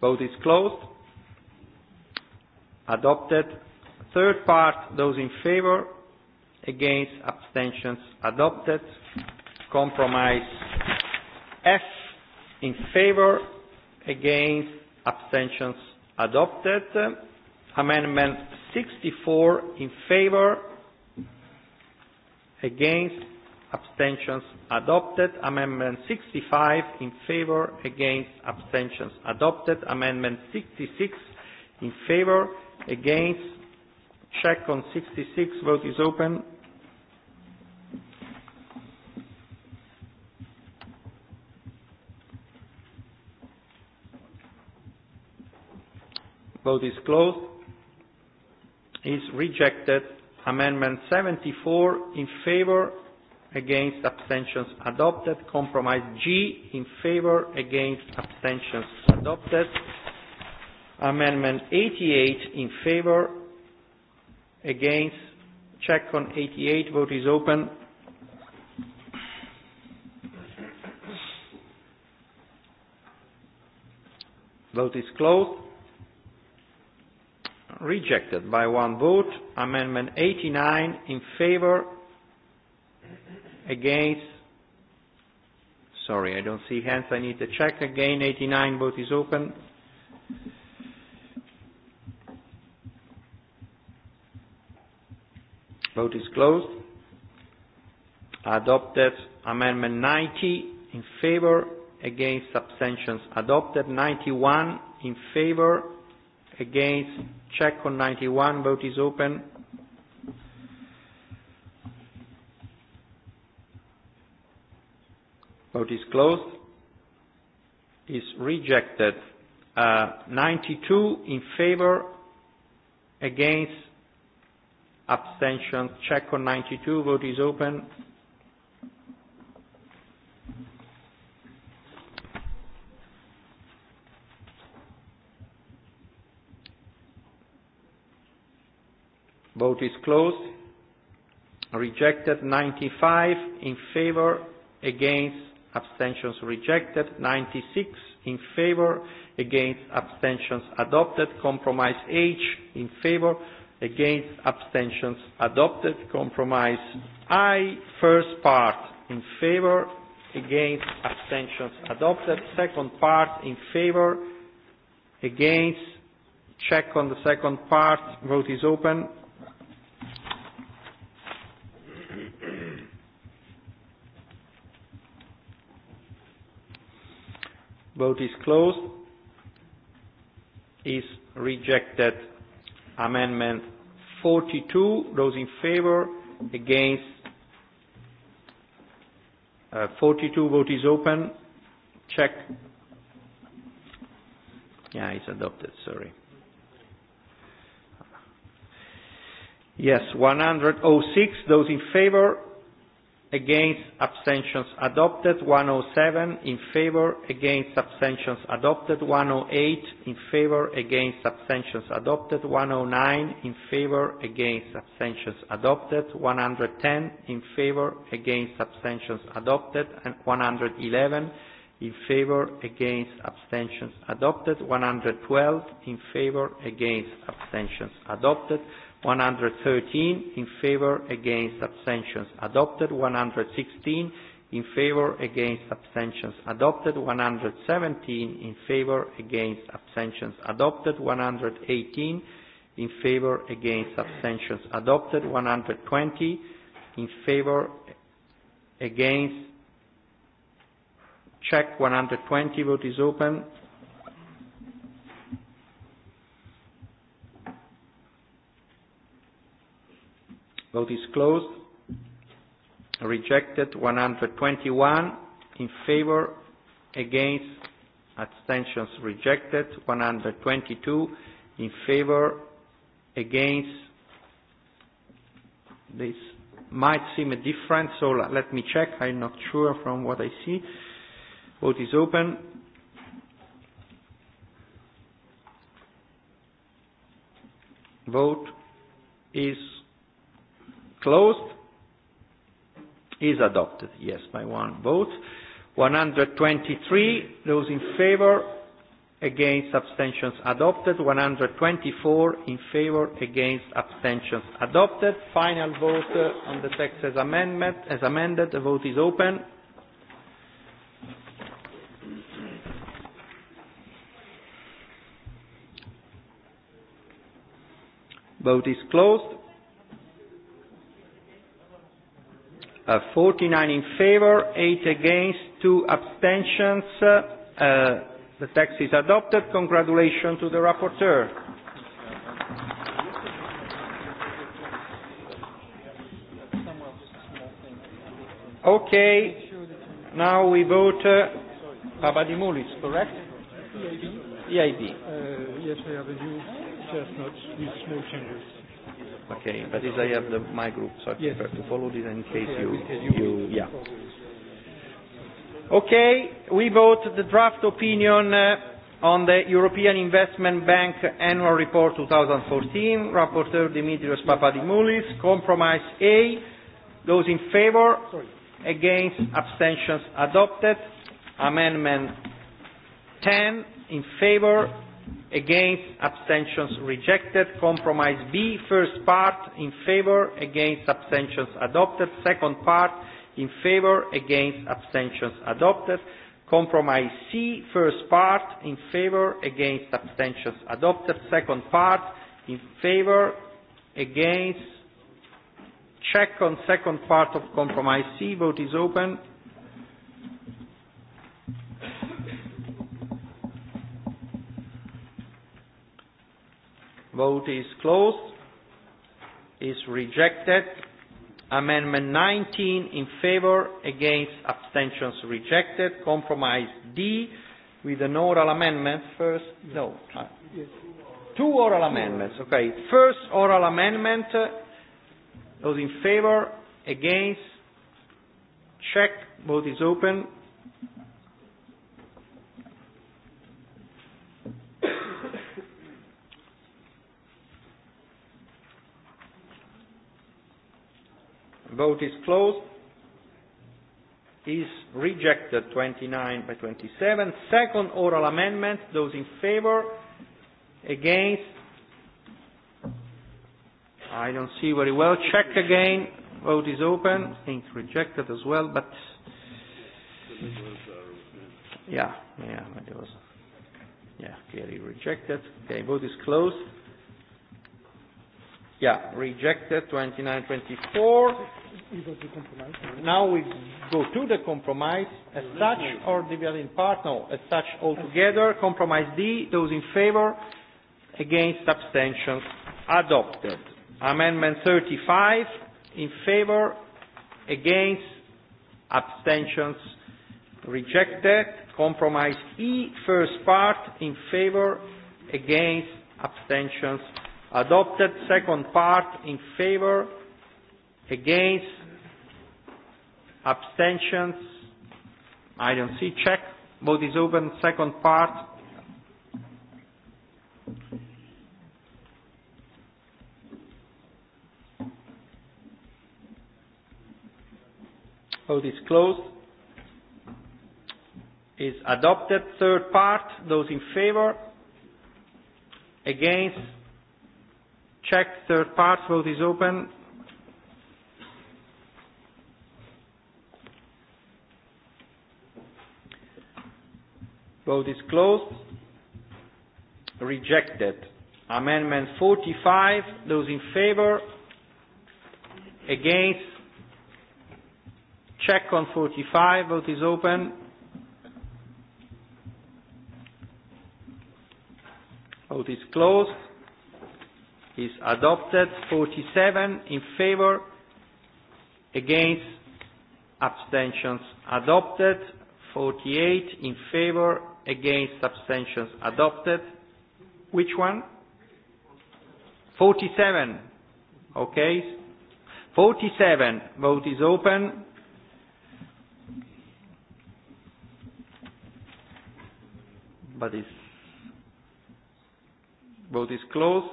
vote is closed adopted third part those in favor against abstentions adopted compromise F in favor, against, abstentions adopted. Amendment 64 in favor, against, abstentions adopted. Amendment 65 in favor, against, abstentions adopted. Amendment 66 in favor, against, check on 66, vote is open. Vote is closed. Is rejected. Amendment 74 in favor, against abstentions adopted. Compromise G in favor, against abstentions adopted. Amendment 88 in favor, against. Check on 88. Vote is open. Vote is closed rejected by one vote. Amendment 89 in favor, against, sorry, I don't see hands, I need to check again. 89 vote is open. Vote is closed. Adopted amendment 90 in favor, against abstentions. Adopted 91 in favor, against Check on 91. Vote is open. Vote is closed. Is rejected. Uh, 92 in favor, against, abstention. Check on 92. Vote is open. Vote is closed. Rejected 95 in favor, against, abstentions rejected. 96 in favor, against, abstentions adopted. Compromise H in favor, against, abstentions adopted. Compromise I, first part, in favor, against, abstentions adopted. Second part, in favor, against, check on the second part, vote is open. Vote is closed. Is rejected. Amendment 42. Those in favor? Against? Uh, 42. Vote is open. Check. Yeah, it's adopted. Sorry. Yes, 106. Those in favor? against abstentions adopted 107 in favor against abstentions adopted 108 in favor against abstentions adopted 109 in favor against abstentions adopted 110 in favor against abstentions adopted and 111 in favor against abstentions adopted 112 in favor against abstentions adopted 113 in favor against abstentions adopted 116 in favor against abstentions adopted 117 in favor against abstentions adopted 118 in favor against abstentions adopted 120 in favor against check 120 vote is open Vote is closed. Rejected 121 in favor, against, abstentions rejected 122 in favor, against. This might seem a difference, so let me check. I'm not sure from what I see. Vote is open. Vote is Closed. Is adopted. Yes, by one vote. 123. Those in favour, Against abstentions adopted. 124 in favour, Against abstentions adopted. Final vote uh, on the text as, amendment, as amended. The vote is open. Vote is closed. 49 uh, in favor, 8 against, 2 abstentions. Uh, uh, the text is adopted. Congratulations to the rapporteur. Okay, now we vote uh, Papadimoulis, correct? EIB. EIB. Uh, yes, I have a new chestnut with small changes. Okay, but as I have the, my group, so I yes. prefer to follow this in case you, you, yeah. Okay, we vote the draft opinion uh, on the European Investment Bank Annual Report 2014, Rapporteur Dimitrios Papadimoulis, Compromise A, those in favour, against, abstentions adopted, Amendment 10, in favour, against abstentions rejected compromise b first part in favor against abstentions adopted second part in favor against abstentions adopted compromise c first part in favor against abstentions adopted second part in favor against check on second part of compromise c vote is open Vote is closed. Is rejected. Amendment 19 in favor, against abstentions rejected. Compromise D with an oral amendment. First, no. Uh, two oral amendments. Okay. First oral amendment. Those in favor, against. Check. Vote is open. Vote is closed. Is rejected 29 by 27. Second oral amendment. Those in favor? Against? I don't see very well. Check again. Vote is open. I think rejected as well, but yeah, yeah, it was yeah, clearly rejected. Okay, vote is closed. Yeah, rejected. 29-24. Now we go to the compromise as such or in part? No, as such altogether. Compromise D, those in favor, against abstentions, adopted. Amendment 35, in favor, against abstentions, rejected. Compromise E, first part, in favor, against abstentions, adopted. Second part, in favor, Against? Abstentions? I don't see. Check. Vote is open. Second part. Vote is closed. Is adopted. Third part. Those in favor? Against? Check. Third part. Vote is open. Vote is closed. Rejected. Amendment 45. Those in favor? Against? Check on 45. Vote is open. Vote is closed. Is adopted. 47 in favor. Against? Abstentions adopted. 48 in favor against abstentions adopted. Which one? 47. Okay. 47. Vote is open. But is vote is closed.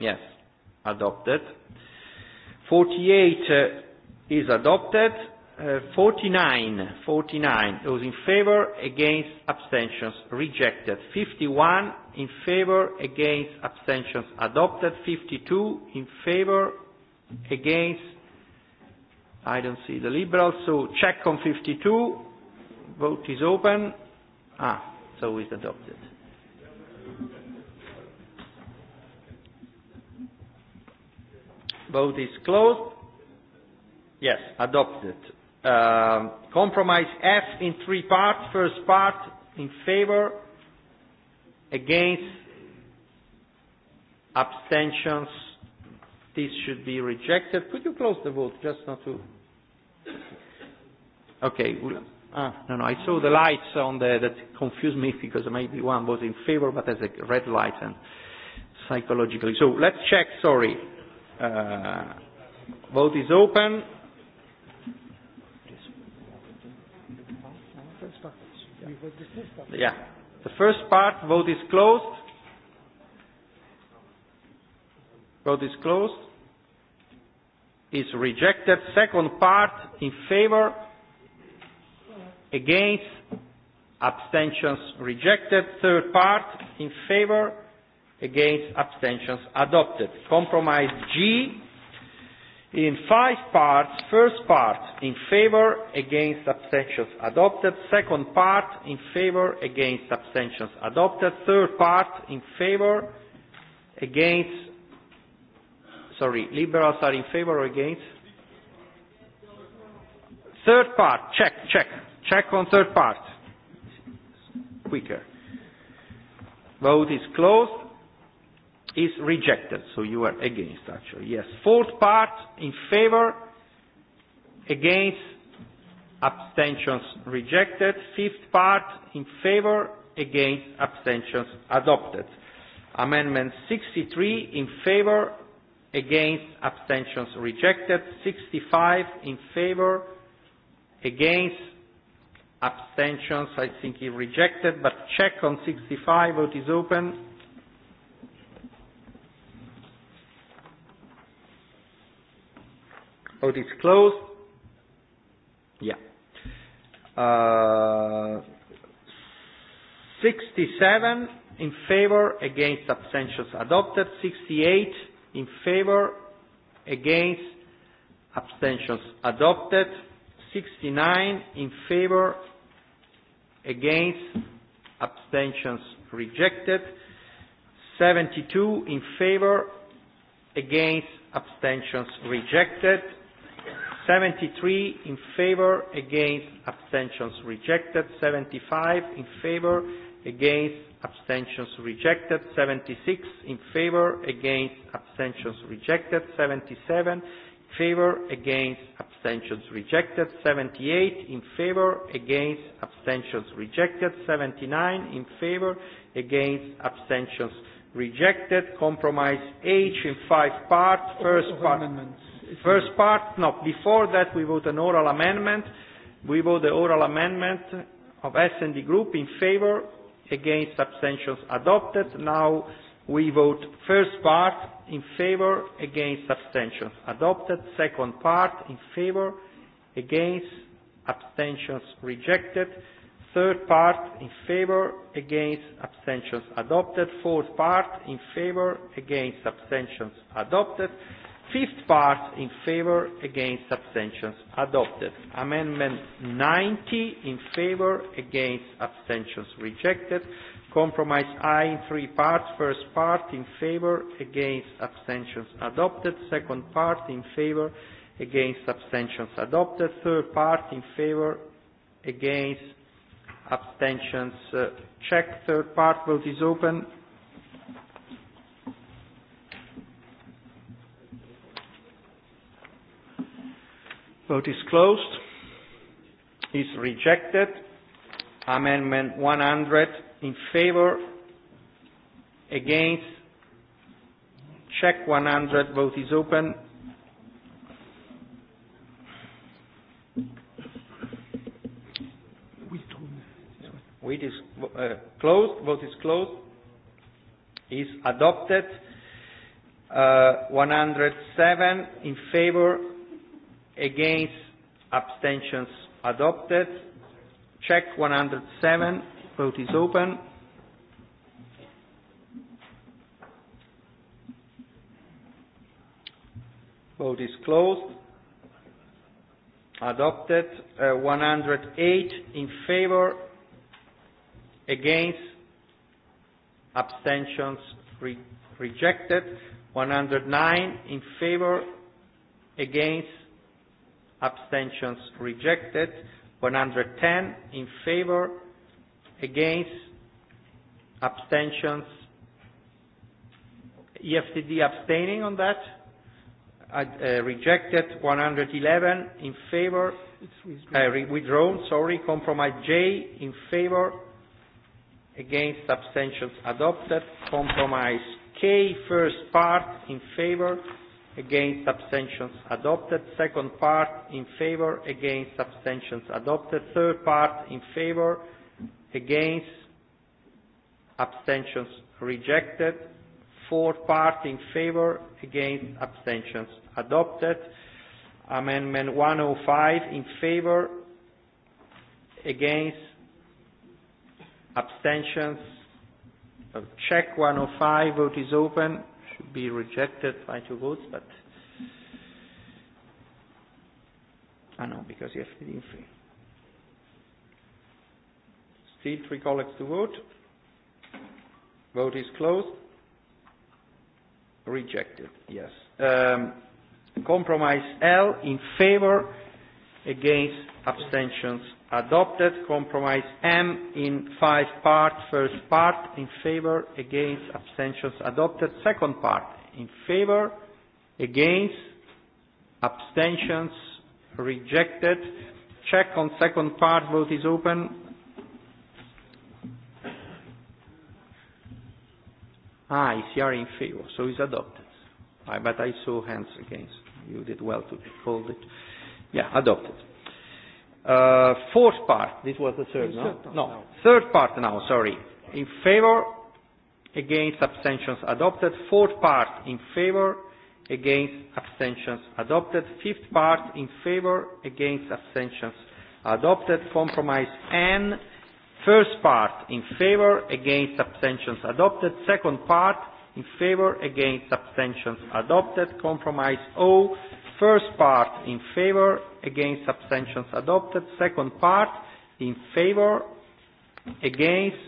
Yes, adopted. 48 uh, is adopted. 49, uh, 49, those in favor, against, abstentions, rejected. 51, in favor, against, abstentions, adopted. 52, in favor, against, I don't see the liberals, so check on 52, vote is open. Ah, so it's adopted. Vote is closed. Yes, adopted. Um, compromise F in three parts. First part in favor, against, abstentions. This should be rejected. Could you close the vote just not to? Okay. Ah, no, no. I saw the lights on there that confused me because maybe one was in favor, but there's a red light and psychologically. So let's check. Sorry. Uh, vote is open. Yeah. The first part, vote is closed. Vote is closed. Is rejected. Second part, in favor. Against. Abstentions rejected. Third part, in favor. Against. Abstentions adopted. Compromise G in five parts. First part, in favor, against abstentions adopted. Second part, in favor, against abstentions adopted. Third part, in favor, against, sorry, liberals are in favor or against? Third part, check, check, check on third part. Quicker. Vote is closed is rejected. So you are against, actually. Yes. Fourth part, in favor, against, abstentions rejected. Fifth part, in favor, against, abstentions adopted. Amendment 63, in favor, against, abstentions rejected. 65, in favor, against, abstentions, I think he rejected, but check on 65, vote is open. Oh, it's closed. Yeah. Uh, 67 in favor, against abstentions adopted. 68 in favor, against abstentions adopted. 69 in favor, against abstentions rejected. 72 in favor, against abstentions rejected. 73 in favor, against, abstentions rejected. 75 in favor, against, abstentions rejected. 76 in favor, against, abstentions rejected. 77 in favor, against, abstentions rejected. 78 in favor, against, abstentions rejected. 79 in favor, against, abstentions rejected. Compromise H in five parts. First part. Amendments first part, no, before that we vote an oral amendment. We vote the oral amendment of S&D Group in favor, against abstentions adopted. Now we vote first part in favor, against abstentions adopted. Second part in favor, against abstentions rejected. Third part in favor, against abstentions adopted. Fourth part in favor, against abstentions adopted fifth part in favor against abstentions adopted. Amendment 90 in favor against abstentions rejected. Compromise I in three parts. First part in favor against abstentions adopted. Second part in favor against abstentions adopted. Third part in favor against abstentions uh, check. Third part vote is open. Vote is closed. Is rejected. Amendment 100 in favor. Against. Check 100. Vote is open. Wait is uh, closed. Vote is closed. Is adopted. Uh, 107 in favor against abstentions adopted. Check 107. Vote is open. Vote is closed. Adopted. Uh, 108 in favor. Against. Abstentions re rejected. 109 in favor. Against abstentions rejected. 110 in favor, against, abstentions. EFTD abstaining on that. Uh, uh, rejected. 111 in favor. It's uh, withdrawn. Uh, withdrawn. Sorry. Compromise J in favor. Against abstentions adopted. Compromise K first part in favor against abstentions adopted second part in favor against abstentions adopted third part in favor against abstentions rejected fourth part in favor against abstentions adopted amendment 105 in favor against abstentions check 105 vote is open should be rejected by two votes, but I know because you have been free. Still three colleagues to vote. Vote is closed. Rejected. Yes. Um, compromise L in favor, against abstentions adopted compromise M in five parts. First part in favor, against, abstentions adopted. Second part in favor, against, abstentions rejected. Check on second part. Vote is open. Ah, are in favor, so it's adopted. I, but I saw hands against. You did well to hold it. Yeah, adopted. Uh, fourth part, this was the third, no? No, third part now, sorry. In favor, against abstentions adopted. Fourth part, in favor, against abstentions adopted. Fifth part, in favor, against abstentions adopted. Compromise N. First part, in favor, against abstentions adopted. Second part, in favor, against abstentions adopted. Compromise O. First part, in favor, against abstentions adopted. Second part in favor against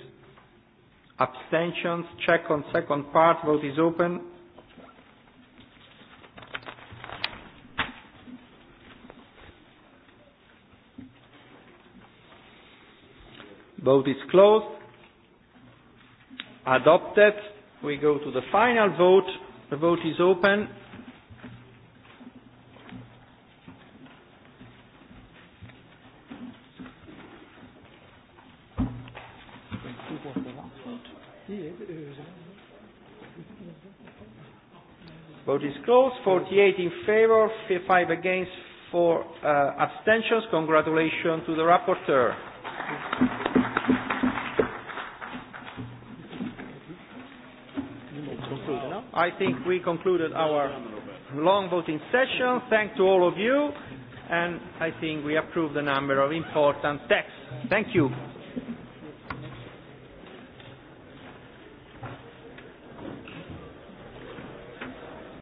abstentions. Check on second part. Vote is open. Vote is closed. Adopted. We go to the final vote. The vote is open. Vote is closed. 48 in favor, 5 against, 4 uh, abstentions. Congratulations to the rapporteur. I think we concluded our long voting session. Thanks to all of you. And I think we approved a number of important texts. Thank you.